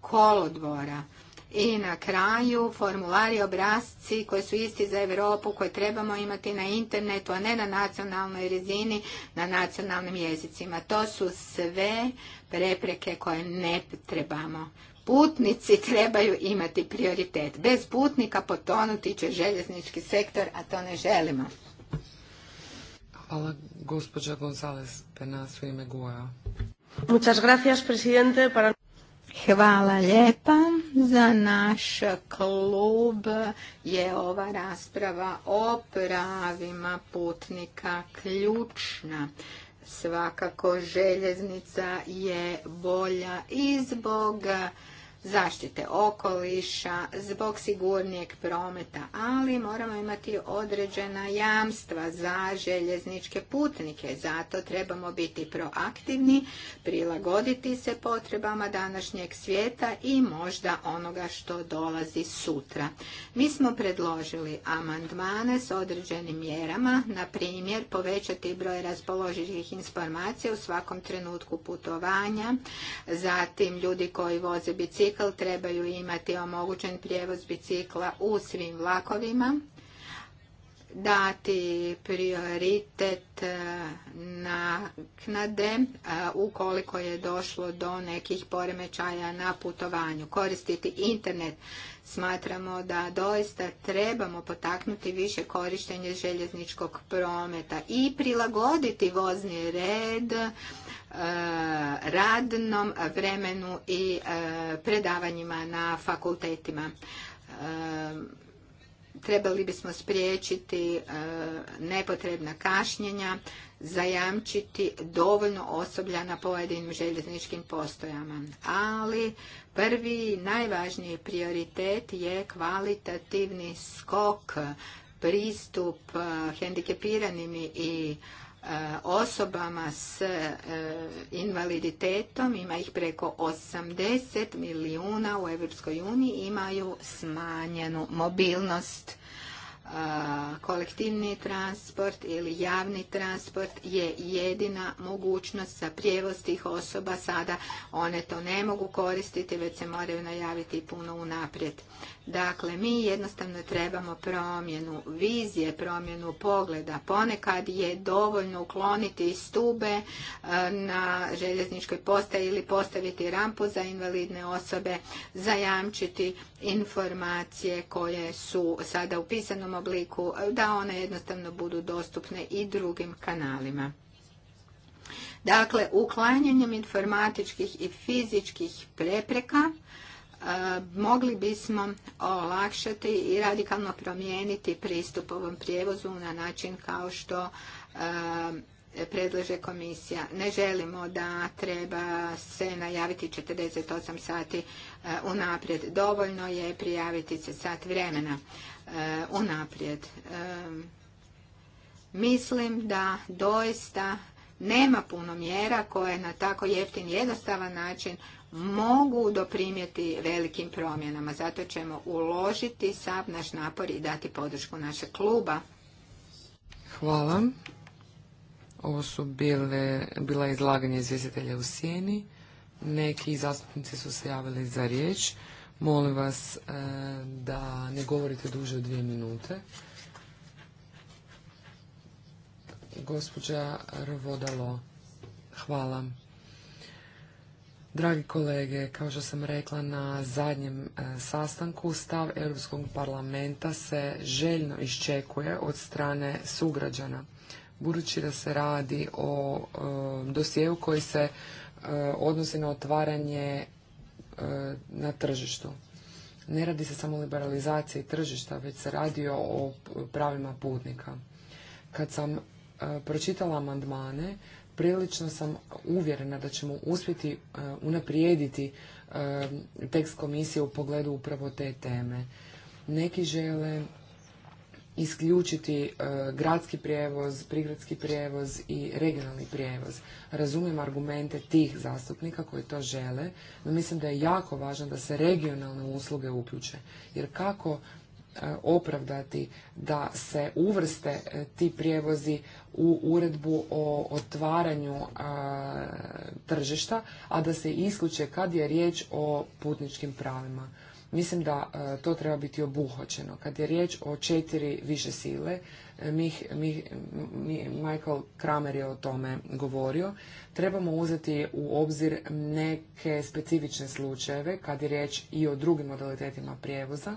kolodvora. I na kraju formulari, obrazci koji su isti za Europu, koje trebamo imati na internetu, a ne na nacionalnoj rezini, na nacionalnim jezicima. To su sve prepreke koje ne trebamo. Putnici trebaju imati prioritet. Bez putnika potonuti će željeznički sektor, a to ne želimo. Hvala, gospođa González Penas u ime Muchas gracias, presidente. Hvala lijepa. Za naš klub je ova rasprava o pravima putnika ključna. Svakako željeznica je bolja i zbog zaštite okoliša, zbog sigurnijeg prometa, ali moramo imati određena jamstva za željezničke putnike. Zato trebamo biti proaktivni, prilagoditi se potrebama današnjeg svijeta i možda onoga što dolazi sutra. Mi smo predložili amandmane s određenim mjerama, na primjer povećati broj raspoloživih informacija u svakom trenutku putovanja, zatim ljudi koji voze bicikl bicikl trebaju imati omogućen prijevoz bicikla u svim vlakovima, dati prioritet e, naknade e, ukoliko je došlo do nekih poremećaja na putovanju. Koristiti internet. Smatramo da doista trebamo potaknuti više korištenje željezničkog prometa i prilagoditi vozni red Eh, radnom vremenu i eh, predavanjima na fakultetima eh, trebali bismo spriječiti nepotrebna kašnjenja, zajamčiti dovoljno osoblja na pojedinim željezničkim postojama. Ali prvi najvažniji prioritet je kvalitativni skok, pristup hendikepiranim i E, osobama s e, invaliditetom, ima ih preko 80 milijuna u Europskoj uniji, imaju smanjenu mobilnost. E, kolektivni transport ili javni transport je jedina mogućnost za prijevoz tih osoba. Sada one to ne mogu koristiti, već se moraju najaviti puno unaprijed. Dakle, mi jednostavno trebamo promjenu vizije, promjenu pogleda. Ponekad je dovoljno ukloniti stube e, na željezničkoj postaji ili postaviti rampu za invalidne osobe, zajamčiti informacije koje su sada u pisanom obliku, e, da one jednostavno budu dostupne i drugim kanalima. Dakle, uklanjanjem informatičkih i fizičkih prepreka mogli bismo olakšati i radikalno promijeniti pristup ovom prijevozu na način kao što e, predlaže komisija. Ne želimo da treba se najaviti 48 sati e, unaprijed. Dovoljno je prijaviti se sat vremena e, unaprijed. Mislim da doista nema puno mjera koje na tako jeftin i jednostavan način mogu doprinijeti velikim promjenama. Zato ćemo uložiti sav naš napor i dati podršku našeg kluba. Hvala. Ovo su bile, bila izlaganja izvjestitelja u sjeni. Neki zastupnici su se javili za riječ. Molim vas e, da ne govorite duže od dvije minute. Gospođa Rvodalo, hvala. Dragi kolege, kao što sam rekla na zadnjem e, sastanku, stav Europskog parlamenta se željno iščekuje od strane sugrađana. Budući da se radi o e, dosijevu koji se e, odnosi na otvaranje na tržištu. Ne radi se samo o liberalizaciji tržišta, već se radi o pravima putnika. Kad sam pročitala amandmane, prilično sam uvjerena da ćemo uspjeti e, unaprijediti e, tekst komisije u pogledu upravo te teme. Neki žele isključiti e, gradski prijevoz, prigradski prijevoz i regionalni prijevoz. Razumijem argumente tih zastupnika koji to žele, no mislim da je jako važno da se regionalne usluge uključe. Jer kako E, opravdati da se uvrste e, ti prijevozi u uredbu o otvaranju e, tržišta, a da se isključe kad je riječ o putničkim pravima. Mislim da to treba biti obuhvaćeno. Kad je riječ o četiri više sile, mi, Michael Kramer je o tome govorio, trebamo uzeti u obzir neke specifične slučajeve kad je riječ i o drugim modalitetima prijevoza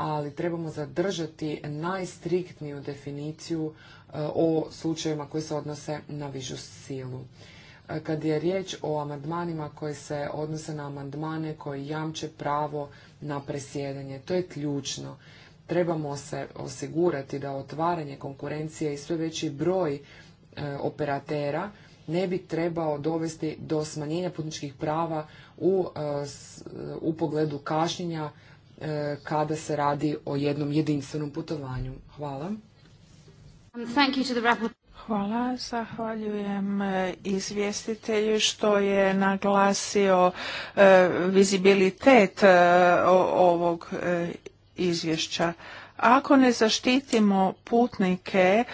ali trebamo zadržati najstriktniju definiciju e, o slučajevima koji se odnose na višu silu. E, kad je riječ o amandmanima koji se odnose na amandmane koji jamče pravo na presjedanje, to je ključno. Trebamo se osigurati da otvaranje konkurencije i sve veći broj e, operatera ne bi trebao dovesti do smanjenja putničkih prava u, u pogledu kašnjenja Eh, kada se radi o jednom jedinstvenom putovanju. Hvala. Um, Hvala, zahvaljujem eh, izvjestitelju što je naglasio eh, vizibilitet ovog izvješća. Ako ne zaštitimo putnike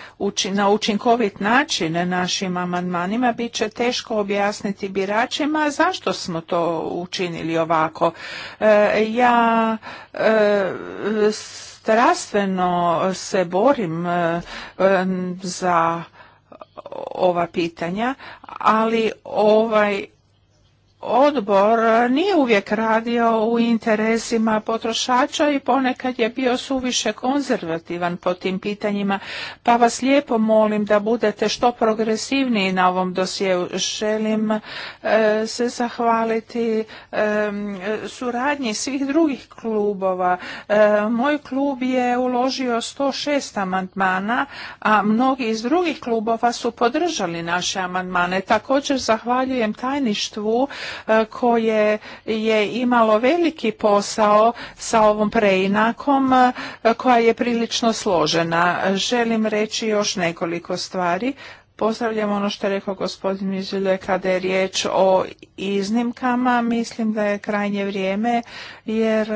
na učinkovit način našim amandmanima, bit će teško objasniti biračima zašto smo to učinili ovako. E, ja e, strastveno se borim e, za ova pitanja, ali ovaj odbor nije uvijek radio u interesima potrošača i ponekad je bio suviše konzervativan po tim pitanjima, pa vas lijepo molim da budete što progresivniji na ovom dosjeu. Želim e, se zahvaliti e, suradnji svih drugih klubova. E, moj klub je uložio 106 amandmana, a mnogi iz drugih klubova su podržali naše amandmane. Također zahvaljujem tajništvu koje je imalo veliki posao sa ovom preinakom koja je prilično složena. Želim reći još nekoliko stvari. Pozdravljam ono što je rekao gospodin Mizile kada je riječ o iznimkama. Mislim da je krajnje vrijeme jer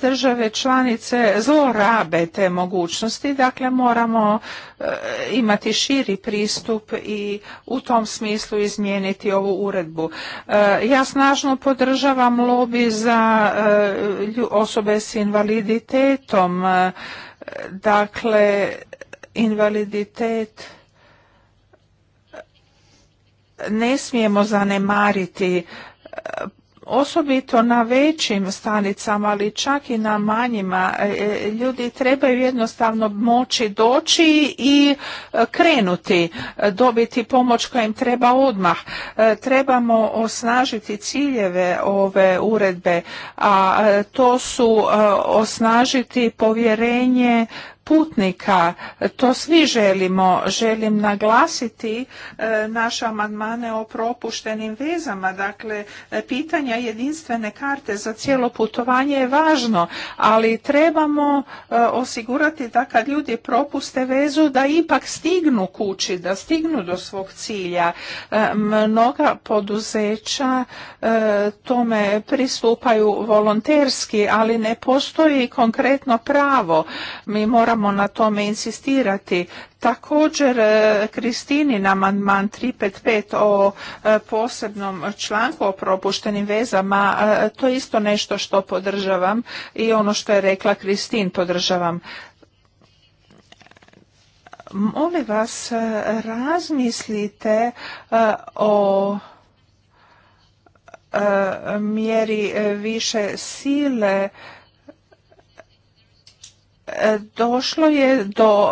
države članice zlorabe te mogućnosti, dakle moramo e, imati širi pristup i u tom smislu izmijeniti ovu uredbu. E, ja snažno podržavam lobi za e, osobe s invaliditetom, dakle invaliditet ne smijemo zanemariti osobito na većim stanicama, ali čak i na manjima, e, e, ljudi trebaju jednostavno moći doći i e, krenuti, dobiti pomoć koja im treba odmah. Trebamo osnažiti ciljeve ove uredbe, a to su osnažiti povjerenje putnika. To svi želimo. Želim naglasiti e, naše amandmane o propuštenim vezama. Dakle, pitanja jedinstvene karte za cijelo putovanje je važno, ali trebamo e, osigurati da kad ljudi propuste vezu da ipak stignu kući, da stignu do svog cilja. E, mnoga poduzeća tome pristupaju volonterski, ali ne postoji konkretno pravo. Mi moramo moramo na tome insistirati. Također, e, na amandman 355 o e, posebnom članku o propuštenim vezama, e, to je isto nešto što podržavam i ono što je rekla Kristin podržavam. Molim vas, razmislite o mjeri više sile došlo je do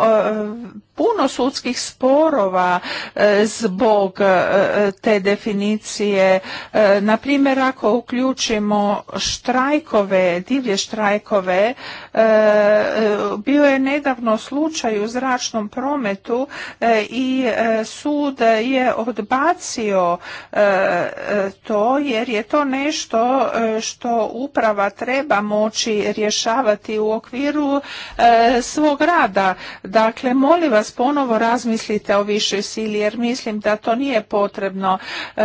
puno sudskih sporova e, zbog e, te definicije. E, naprimjer, ako uključimo štrajkove, divlje štrajkove, bio je nedavno slučaj u zračnom prometu i sud je odbacio to jer je to nešto što uprava treba moći rješavati u okviru svog rada. Dakle, molim vas ponovo razmislite o višoj sili jer mislim da to nije potrebno. E,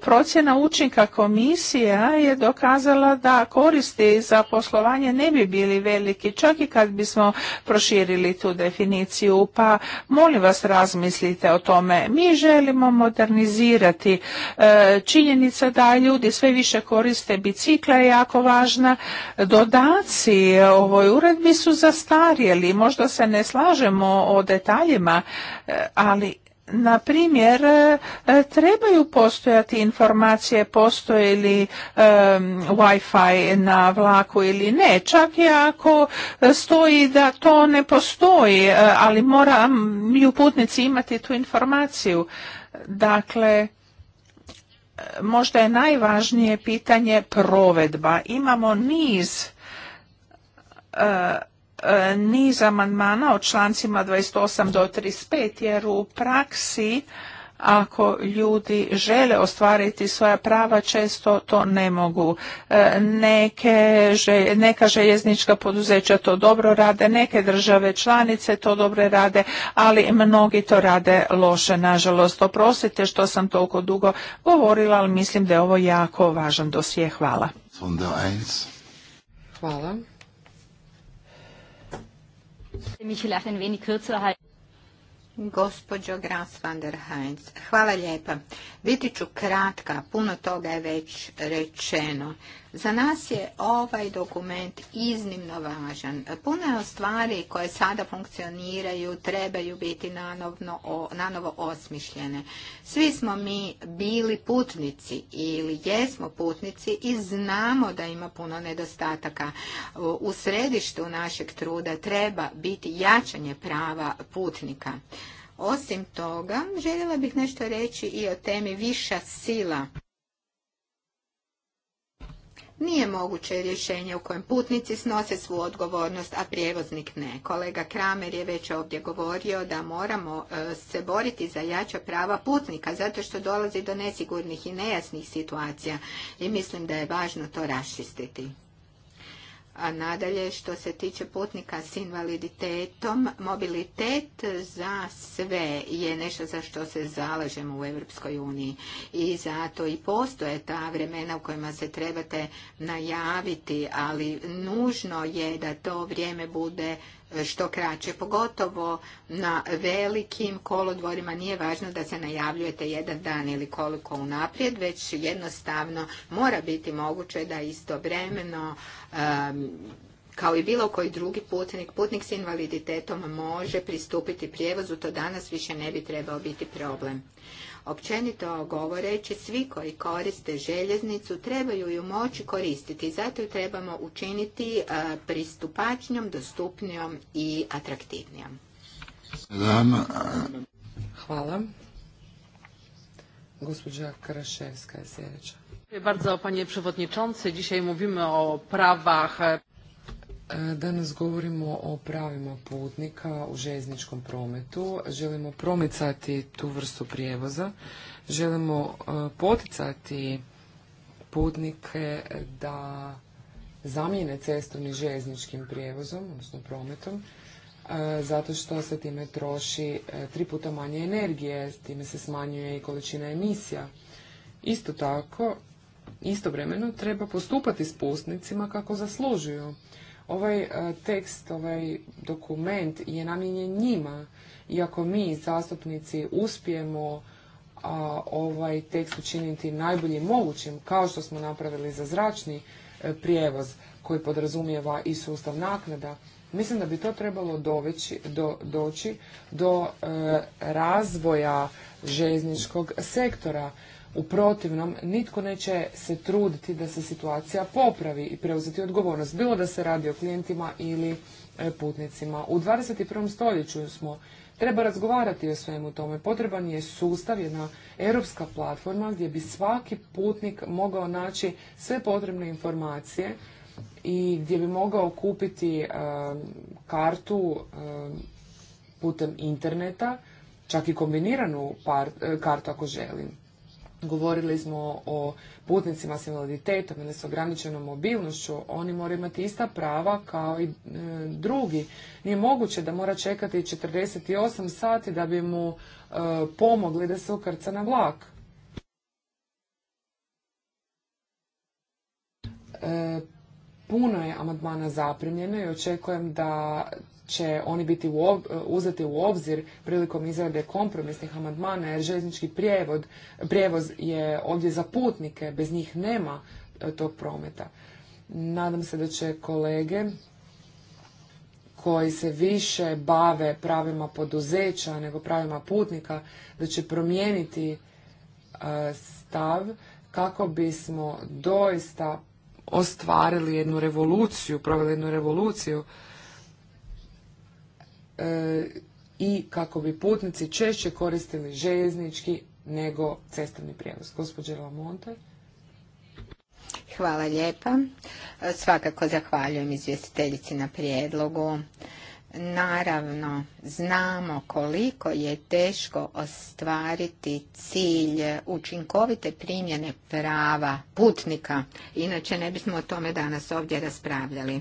procjena učinka komisija je dokazala da koristi za poslovanje ne bi bili veliki čak i kad bismo proširili tu definiciju pa molim vas razmislite o tome. Mi želimo modernizirati e, činjenica da ljudi sve više koriste bicikla je jako važna. Dodaci ovoj uredbi su zastarjeli, možda se ne slažemo o detaljima detaljima, eh, ali na primjer, eh, trebaju postojati informacije postoje li um, wi na vlaku ili ne. Čak i ako stoji da to ne postoji, eh, ali mora u putnici imati tu informaciju. Dakle, možda je najvažnije pitanje provedba. Imamo niz uh, niz amandmana o člancima 28 do 35 jer u praksi ako ljudi žele ostvariti svoja prava često to ne mogu. E, neke, neka željeznička poduzeća to dobro rade, neke države članice to dobro rade, ali mnogi to rade loše. Nažalost, oprostite što sam toliko dugo govorila, ali mislim da je ovo jako važan dosije. Hvala. Hvala. Sie mich lernten Gospođo Gras van der Heinz, hvala lijepa. Biti ću kratka, puno toga je već rečeno. Za nas je ovaj dokument iznimno važan. Puno je stvari koje sada funkcioniraju, trebaju biti nanovno, nanovo osmišljene. Svi smo mi bili putnici ili jesmo putnici i znamo da ima puno nedostataka. U središtu našeg truda treba biti jačanje prava putnika. Osim toga, željela bih nešto reći i o temi viša sila. Nije moguće rješenje u kojem putnici snose svu odgovornost, a prijevoznik ne. Kolega Kramer je već ovdje govorio da moramo e, se boriti za jača prava putnika, zato što dolazi do nesigurnih i nejasnih situacija i mislim da je važno to raščistiti. A nadalje, što se tiče putnika s invaliditetom, mobilitet za sve je nešto za što se zalažemo u Europskoj uniji. I zato i postoje ta vremena u kojima se trebate najaviti, ali nužno je da to vrijeme bude što kraće. Pogotovo na velikim kolodvorima nije važno da se najavljujete jedan dan ili koliko unaprijed, već jednostavno mora biti moguće da istovremeno kao i bilo koji drugi putnik, putnik s invaliditetom može pristupiti prijevozu, to danas više ne bi trebao biti problem. Općenito govoreći, svi koji koriste željeznicu trebaju ju moći koristiti. Zato ju trebamo učiniti e, pristupačnijom, dostupnijom i atraktivnijom. Hvala. Gospođa Kraševska je sljedeća. Dziękuję bardzo, panie przewodniczący. Dzisiaj mówimy o prawach E, danas govorimo o pravima putnika u željezničkom prometu. Želimo promicati tu vrstu prijevoza. Želimo e, poticati putnike da zamijene cestovni željezničkim prijevozom, odnosno prometom, e, zato što se time troši tri puta manje energije, time se smanjuje i količina emisija. Isto tako, istovremeno treba postupati s pustnicima kako zaslužuju Ovaj e, tekst, ovaj dokument je namijenjen njima, iako mi zastupnici uspijemo ovaj tekst učiniti najboljim mogućim, kao što smo napravili za zračni e, prijevoz koji podrazumijeva i sustav naknada, mislim da bi to trebalo doći do e, razvoja željezničkog sektora u protivnom, nitko neće se truditi da se situacija popravi i preuzeti odgovornost, bilo da se radi o klijentima ili e, putnicima. U 21. stoljeću smo Treba razgovarati o svemu tome. Potreban je sustav, jedna europska platforma gdje bi svaki putnik mogao naći sve potrebne informacije i gdje bi mogao kupiti e, kartu e, putem interneta, čak i kombiniranu kartu ako želim. Govorili smo o putnicima s invaliditetom ili s ograničenom mobilnošću, oni moraju imati ista prava kao i e, drugi. Nije moguće da mora čekati 48 sati da bi mu e, pomogli da se ukrca na vlak. E, puno je amandmana zaprimljeno i očekujem da će oni biti uzeti u obzir prilikom izrade kompromisnih amandmana jer željeznički prijevoz je ovdje za putnike, bez njih nema e, tog prometa. Nadam se da će kolege koji se više bave pravima poduzeća nego pravima putnika, da će promijeniti e, stav kako bismo doista ostvarili jednu revoluciju, proveli jednu revoluciju E, i kako bi putnici češće koristili željeznički nego cestovni prijevoz. Gospođa Lamonte. Hvala lijepa. E, svakako zahvaljujem izvjestiteljici na prijedlogu. Naravno, znamo koliko je teško ostvariti cilj učinkovite primjene prava putnika. Inače, ne bismo o tome danas ovdje raspravljali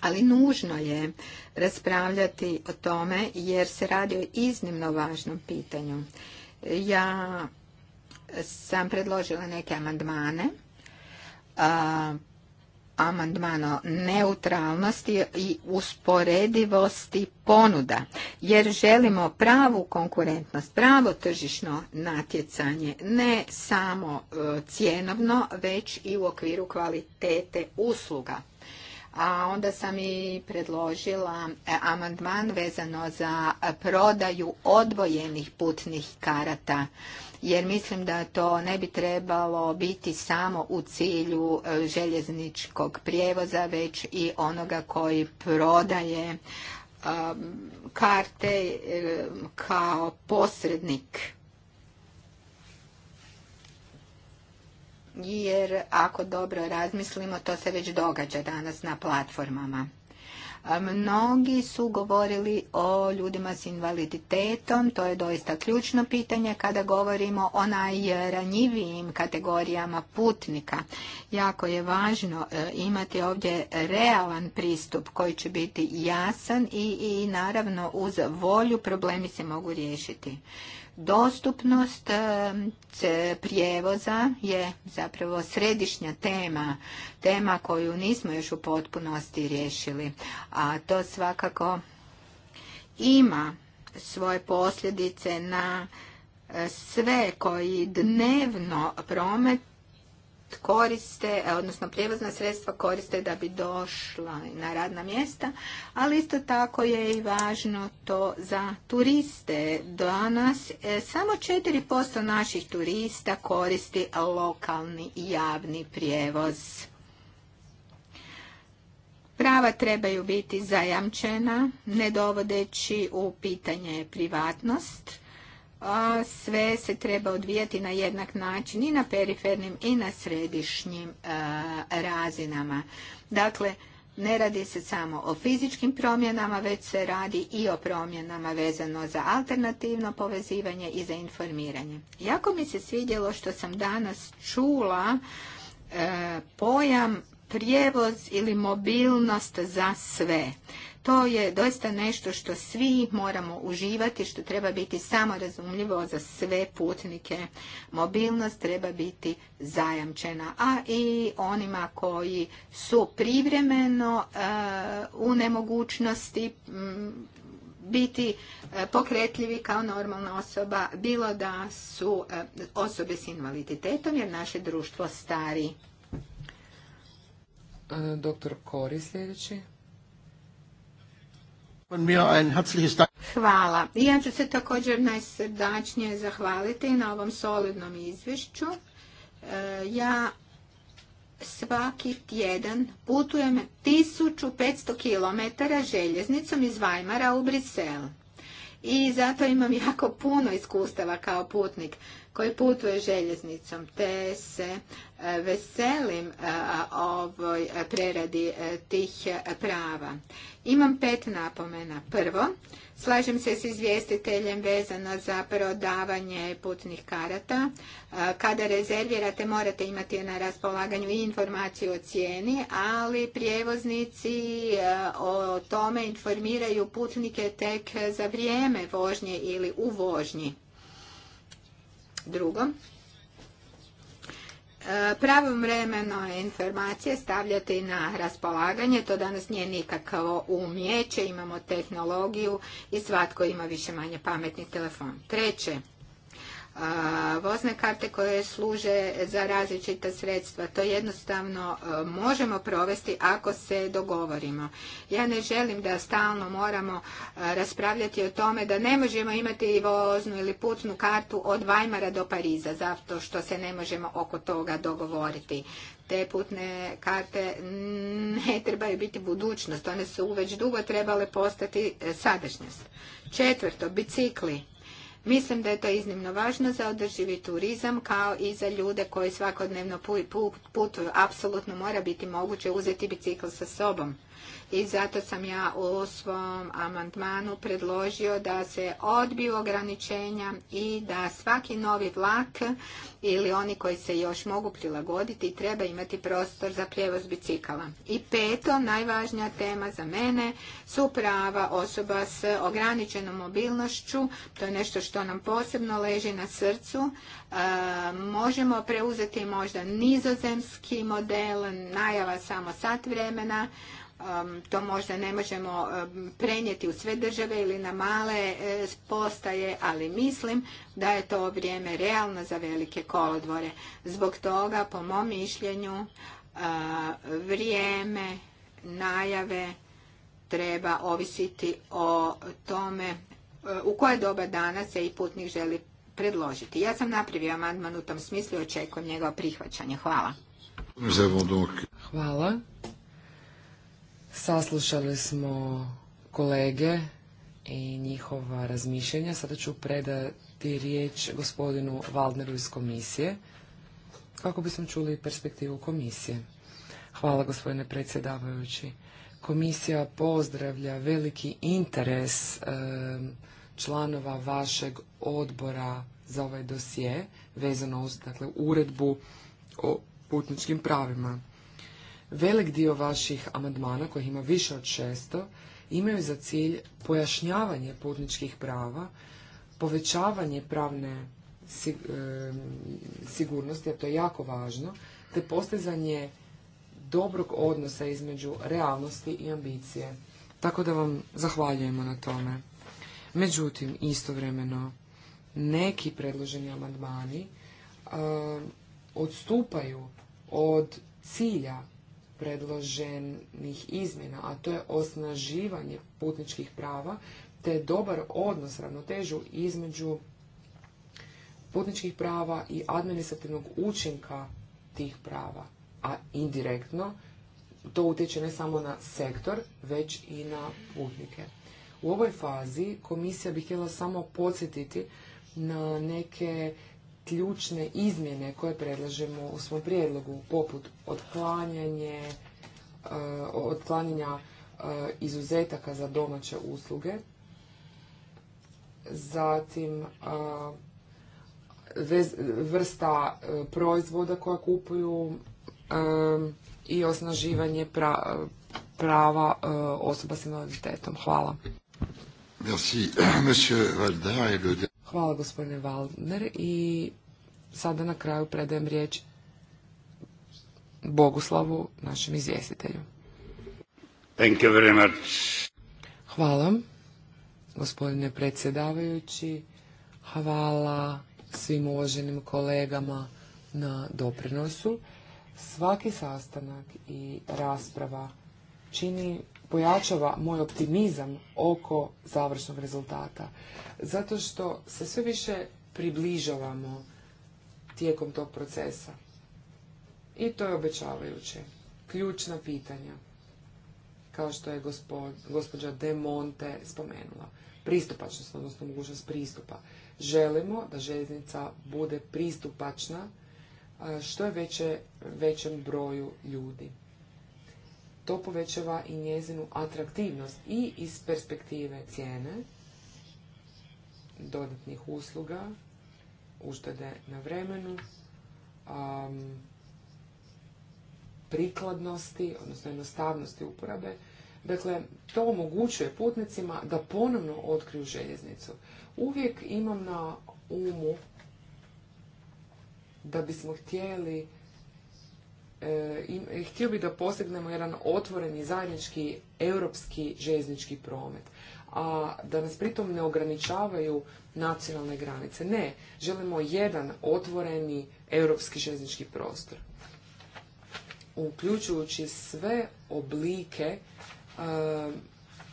ali nužno je raspravljati o tome jer se radi o iznimno važnom pitanju. Ja sam predložila neke amandmane, amandmano neutralnosti i usporedivosti ponuda, jer želimo pravu konkurentnost, pravo tržišno natjecanje, ne samo e, cjenovno, već i u okviru kvalitete usluga a onda sam i predložila e, amandman vezano za prodaju odvojenih putnih karata jer mislim da to ne bi trebalo biti samo u cilju e, željezničkog prijevoza već i onoga koji prodaje e, karte kao posrednik jer ako dobro razmislimo, to se već događa danas na platformama. Mnogi su govorili o ljudima s invaliditetom, to je doista ključno pitanje kada govorimo o najranjivijim kategorijama putnika. Jako je važno e, imati ovdje realan pristup koji će biti jasan i, i naravno uz volju problemi se mogu riješiti. Dostupnost eh, prijevoza je zapravo središnja tema, tema koju nismo još u potpunosti riješili, a to svakako ima svoje posljedice na eh, sve koji dnevno promet koriste, e, odnosno prijevozna sredstva koriste da bi došla na radna mjesta, ali isto tako je i važno to za turiste. Danas e, samo 4% naših turista koristi lokalni i javni prijevoz. Prava trebaju biti zajamčena, ne dovodeći u pitanje privatnost a sve se treba odvijati na jednak način i na perifernim i na središnjim e, razinama. Dakle, ne radi se samo o fizičkim promjenama, već se radi i o promjenama vezano za alternativno povezivanje i za informiranje. Jako mi se svidjelo što sam danas čula e, pojam prijevoz ili mobilnost za sve. To je doista nešto što svi moramo uživati, što treba biti samorazumljivo za sve putnike. Mobilnost treba biti zajamčena, a i onima koji su privremeno eh, u nemogućnosti mm, biti eh, pokretljivi kao normalna osoba, bilo da su eh, osobe s invaliditetom, jer naše društvo stari. Doktor Kori sljedeći. Hvala. Ja ću se također najsrdačnije zahvaliti na ovom solidnom izvješću. E, ja svaki tjedan putujem 1500 km željeznicom iz Weimara u Brisel. I zato imam jako puno iskustava kao putnik koji putuje željeznicom, te se e, veselim e, ovoj preradi e, tih prava. Imam pet napomena. Prvo, slažem se s izvjestiteljem vezano za prodavanje putnih karata. Kada rezervirate morate imati na raspolaganju i informaciju o cijeni, ali prijevoznici o tome informiraju putnike tek za vrijeme vožnje ili u vožnji. Drugo, e, pravovremeno informacije stavljati na raspolaganje, to danas nije nikakvo umjeće, imamo tehnologiju i svatko ima više manje pametni telefon. Treće, vozne karte koje služe za različita sredstva. To jednostavno e, možemo provesti ako se dogovorimo. Ja ne želim da stalno moramo e, raspravljati o tome da ne možemo imati voznu ili putnu kartu od Vajmara do Pariza, zato što se ne možemo oko toga dogovoriti te putne karte ne trebaju biti budućnost, one su već dugo trebale postati e, sadašnjost. Četvrto, bicikli. Mislim da je to iznimno važno za održivi turizam kao i za ljude koji svakodnevno putuju. Apsolutno mora biti moguće uzeti bicikl sa sobom i zato sam ja u svom amandmanu predložio da se odbiju ograničenja i da svaki novi vlak ili oni koji se još mogu prilagoditi treba imati prostor za prijevoz bicikala. I peto, najvažnija tema za mene su prava osoba s ograničenom mobilnošću. To je nešto što nam posebno leži na srcu. E, možemo preuzeti možda nizozemski model, najava samo sat vremena, to možda ne možemo prenijeti u sve države ili na male e, postaje, ali mislim da je to vrijeme realno za velike kolodvore. Zbog toga, po mom mišljenju, e, vrijeme najave treba ovisiti o tome e, u koje doba dana se i putnik želi predložiti. Ja sam napravio amandman u tom smislu i očekujem njegovo prihvaćanje. Hvala. Hvala. Saslušali smo kolege i njihova razmišljenja. Sada ću predati riječ gospodinu Valdneru iz komisije kako bismo čuli perspektivu komisije. Hvala gospodine predsjedavajući. Komisija pozdravlja veliki interes članova vašeg odbora za ovaj dosje vezano uz dakle, uredbu o putničkim pravima. Velik dio vaših amandmana, kojih ima više od šesto imaju za cilj pojašnjavanje putničkih prava, povećavanje pravne sigurnosti, jer to je jako važno, te postizanje dobrog odnosa između realnosti i ambicije. Tako da vam zahvaljujemo na tome. Međutim, istovremeno, neki predloženi amandmani odstupaju od cilja predloženih izmjena, a to je osnaživanje putničkih prava te dobar odnos, ravnotežu između putničkih prava i administrativnog učinka tih prava, a indirektno to utječe ne samo na sektor, već i na putnike. U ovoj fazi komisija bi htjela samo podsjetiti na neke ključne izmjene koje predlažemo u svom prijedlogu, poput otklanjanje, e, otklanjanja e, izuzetaka za domaće usluge, zatim e, vrsta proizvoda koja kupuju i osnaživanje prava osoba s invaliditetom. Hvala. Hvala gospodine Valner. i sada na kraju predajem riječ Boguslavu, našem izvjestitelju. Thank you very Hvala, gospodine predsjedavajući. Hvala svim uvaženim kolegama na doprinosu. Svaki sastanak i rasprava čini, pojačava moj optimizam oko završnog rezultata. Zato što se sve više približavamo tijekom tog procesa. I to je obećavajuće. Ključna pitanja, kao što je gospođa De Monte spomenula. Pristupačnost, odnosno mogućnost pristupa. Želimo da željeznica bude pristupačna što je veće, većem broju ljudi. To povećava i njezinu atraktivnost i iz perspektive cijene, dodatnih usluga, uštede na vremenu, prikladnosti, odnosno jednostavnosti uporabe. Dakle, to omogućuje putnicima da ponovno otkriju željeznicu. Uvijek imam na umu da bismo htjeli e, htio bi da postignemo jedan otvoreni zajednički europski željeznički promet, a da nas pritom ne ograničavaju nacionalne granice. Ne, želimo jedan otvoreni europski željeznički prostor. Uključujući sve oblike um,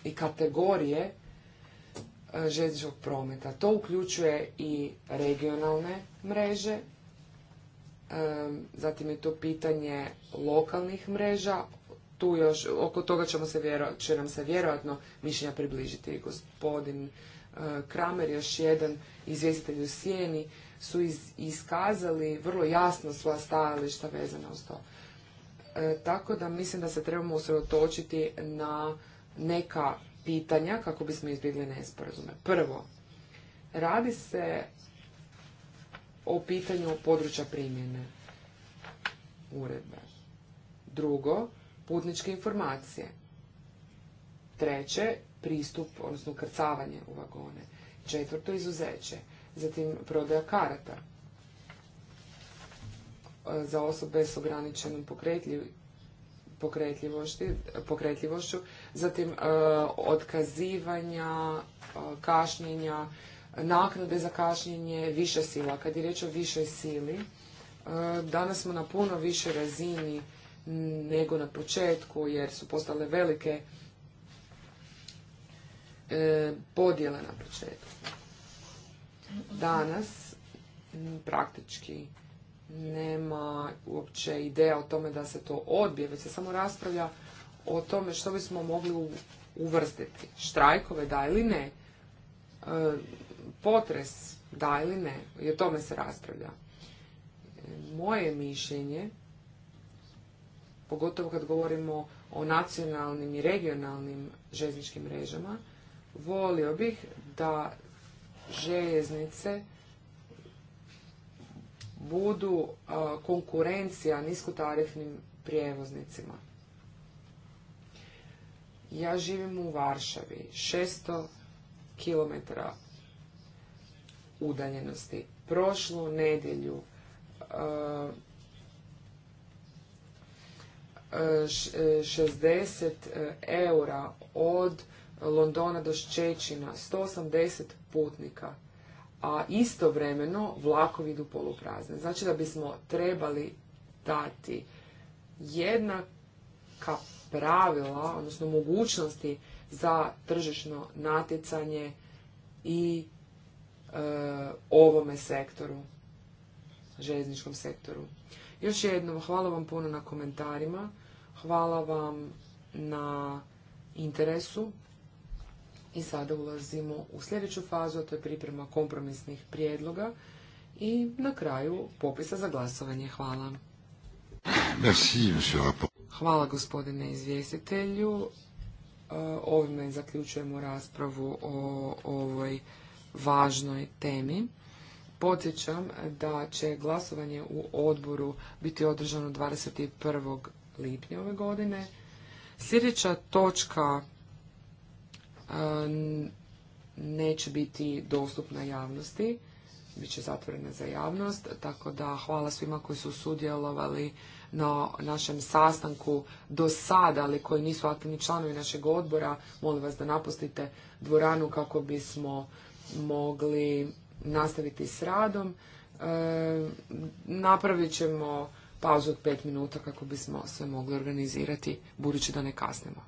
i kategorije uh, željezničkog prometa. To uključuje i regionalne mreže, um, zatim je to pitanje lokalnih mreža, tu još, oko toga ćemo se vjero, će nam se vjerojatno mišljenja približiti. Gospodin Kramer, još jedan izvjestitelj u Sijeni, su iskazali vrlo jasno svoja stajališta vezana uz to. E, tako da mislim da se trebamo usredotočiti na neka pitanja kako bismo izbjegli nesporazume. Prvo, radi se o pitanju područja primjene uredbe. Drugo, putničke informacije. Treće, pristup, odnosno ukrcavanje u vagone. Četvrto, izuzeće. Zatim, prodaja karata e, za osobe s ograničenom pokretljivošću, zatim e, otkazivanja, e, kašnjenja, naknade za kašnjenje, više sila. Kad je riječ o višoj sili, danas smo na puno više razini nego na početku, jer su postale velike e, podjela na početku. Danas praktički nema uopće ideja o tome da se to odbije, već se samo raspravlja o tome što bismo mogli uvrstiti. Štrajkove da ili ne, e, potres da ili ne, i o tome se raspravlja. E, moje mišljenje, pogotovo kad govorimo o nacionalnim i regionalnim željezničkim mrežama, Volio bih da željeznice budu a, konkurencija niskotarifnim prijevoznicima. Ja živim u Varšavi, 600 km udaljenosti. Prošlu nedjelju a, 60 e, e, eura od Londona do Ščećina 180 putnika, a istovremeno vlakovi idu poluprazne. Znači da bismo trebali dati jednaka pravila, odnosno mogućnosti za tržišno natjecanje i e, ovome sektoru, željezničkom sektoru. Još jednom, hvala vam puno na komentarima, hvala vam na interesu i sada ulazimo u sljedeću fazu, a to je priprema kompromisnih prijedloga i na kraju popisa za glasovanje. Hvala. Hvala gospodine izvjestitelju. E, ovime zaključujemo raspravu o ovoj važnoj temi. Podsjećam da će glasovanje u odboru biti održano 21. lipnja ove godine. Sljedeća točka neće biti dostupna javnosti, bit će zatvorena za javnost, tako da hvala svima koji su sudjelovali na našem sastanku do sada, ali koji nisu aktivni članovi našeg odbora. Molim vas da napustite dvoranu kako bismo mogli nastaviti s radom. E, napravit ćemo pauzu od pet minuta kako bismo sve mogli organizirati, budući da ne kasnemo.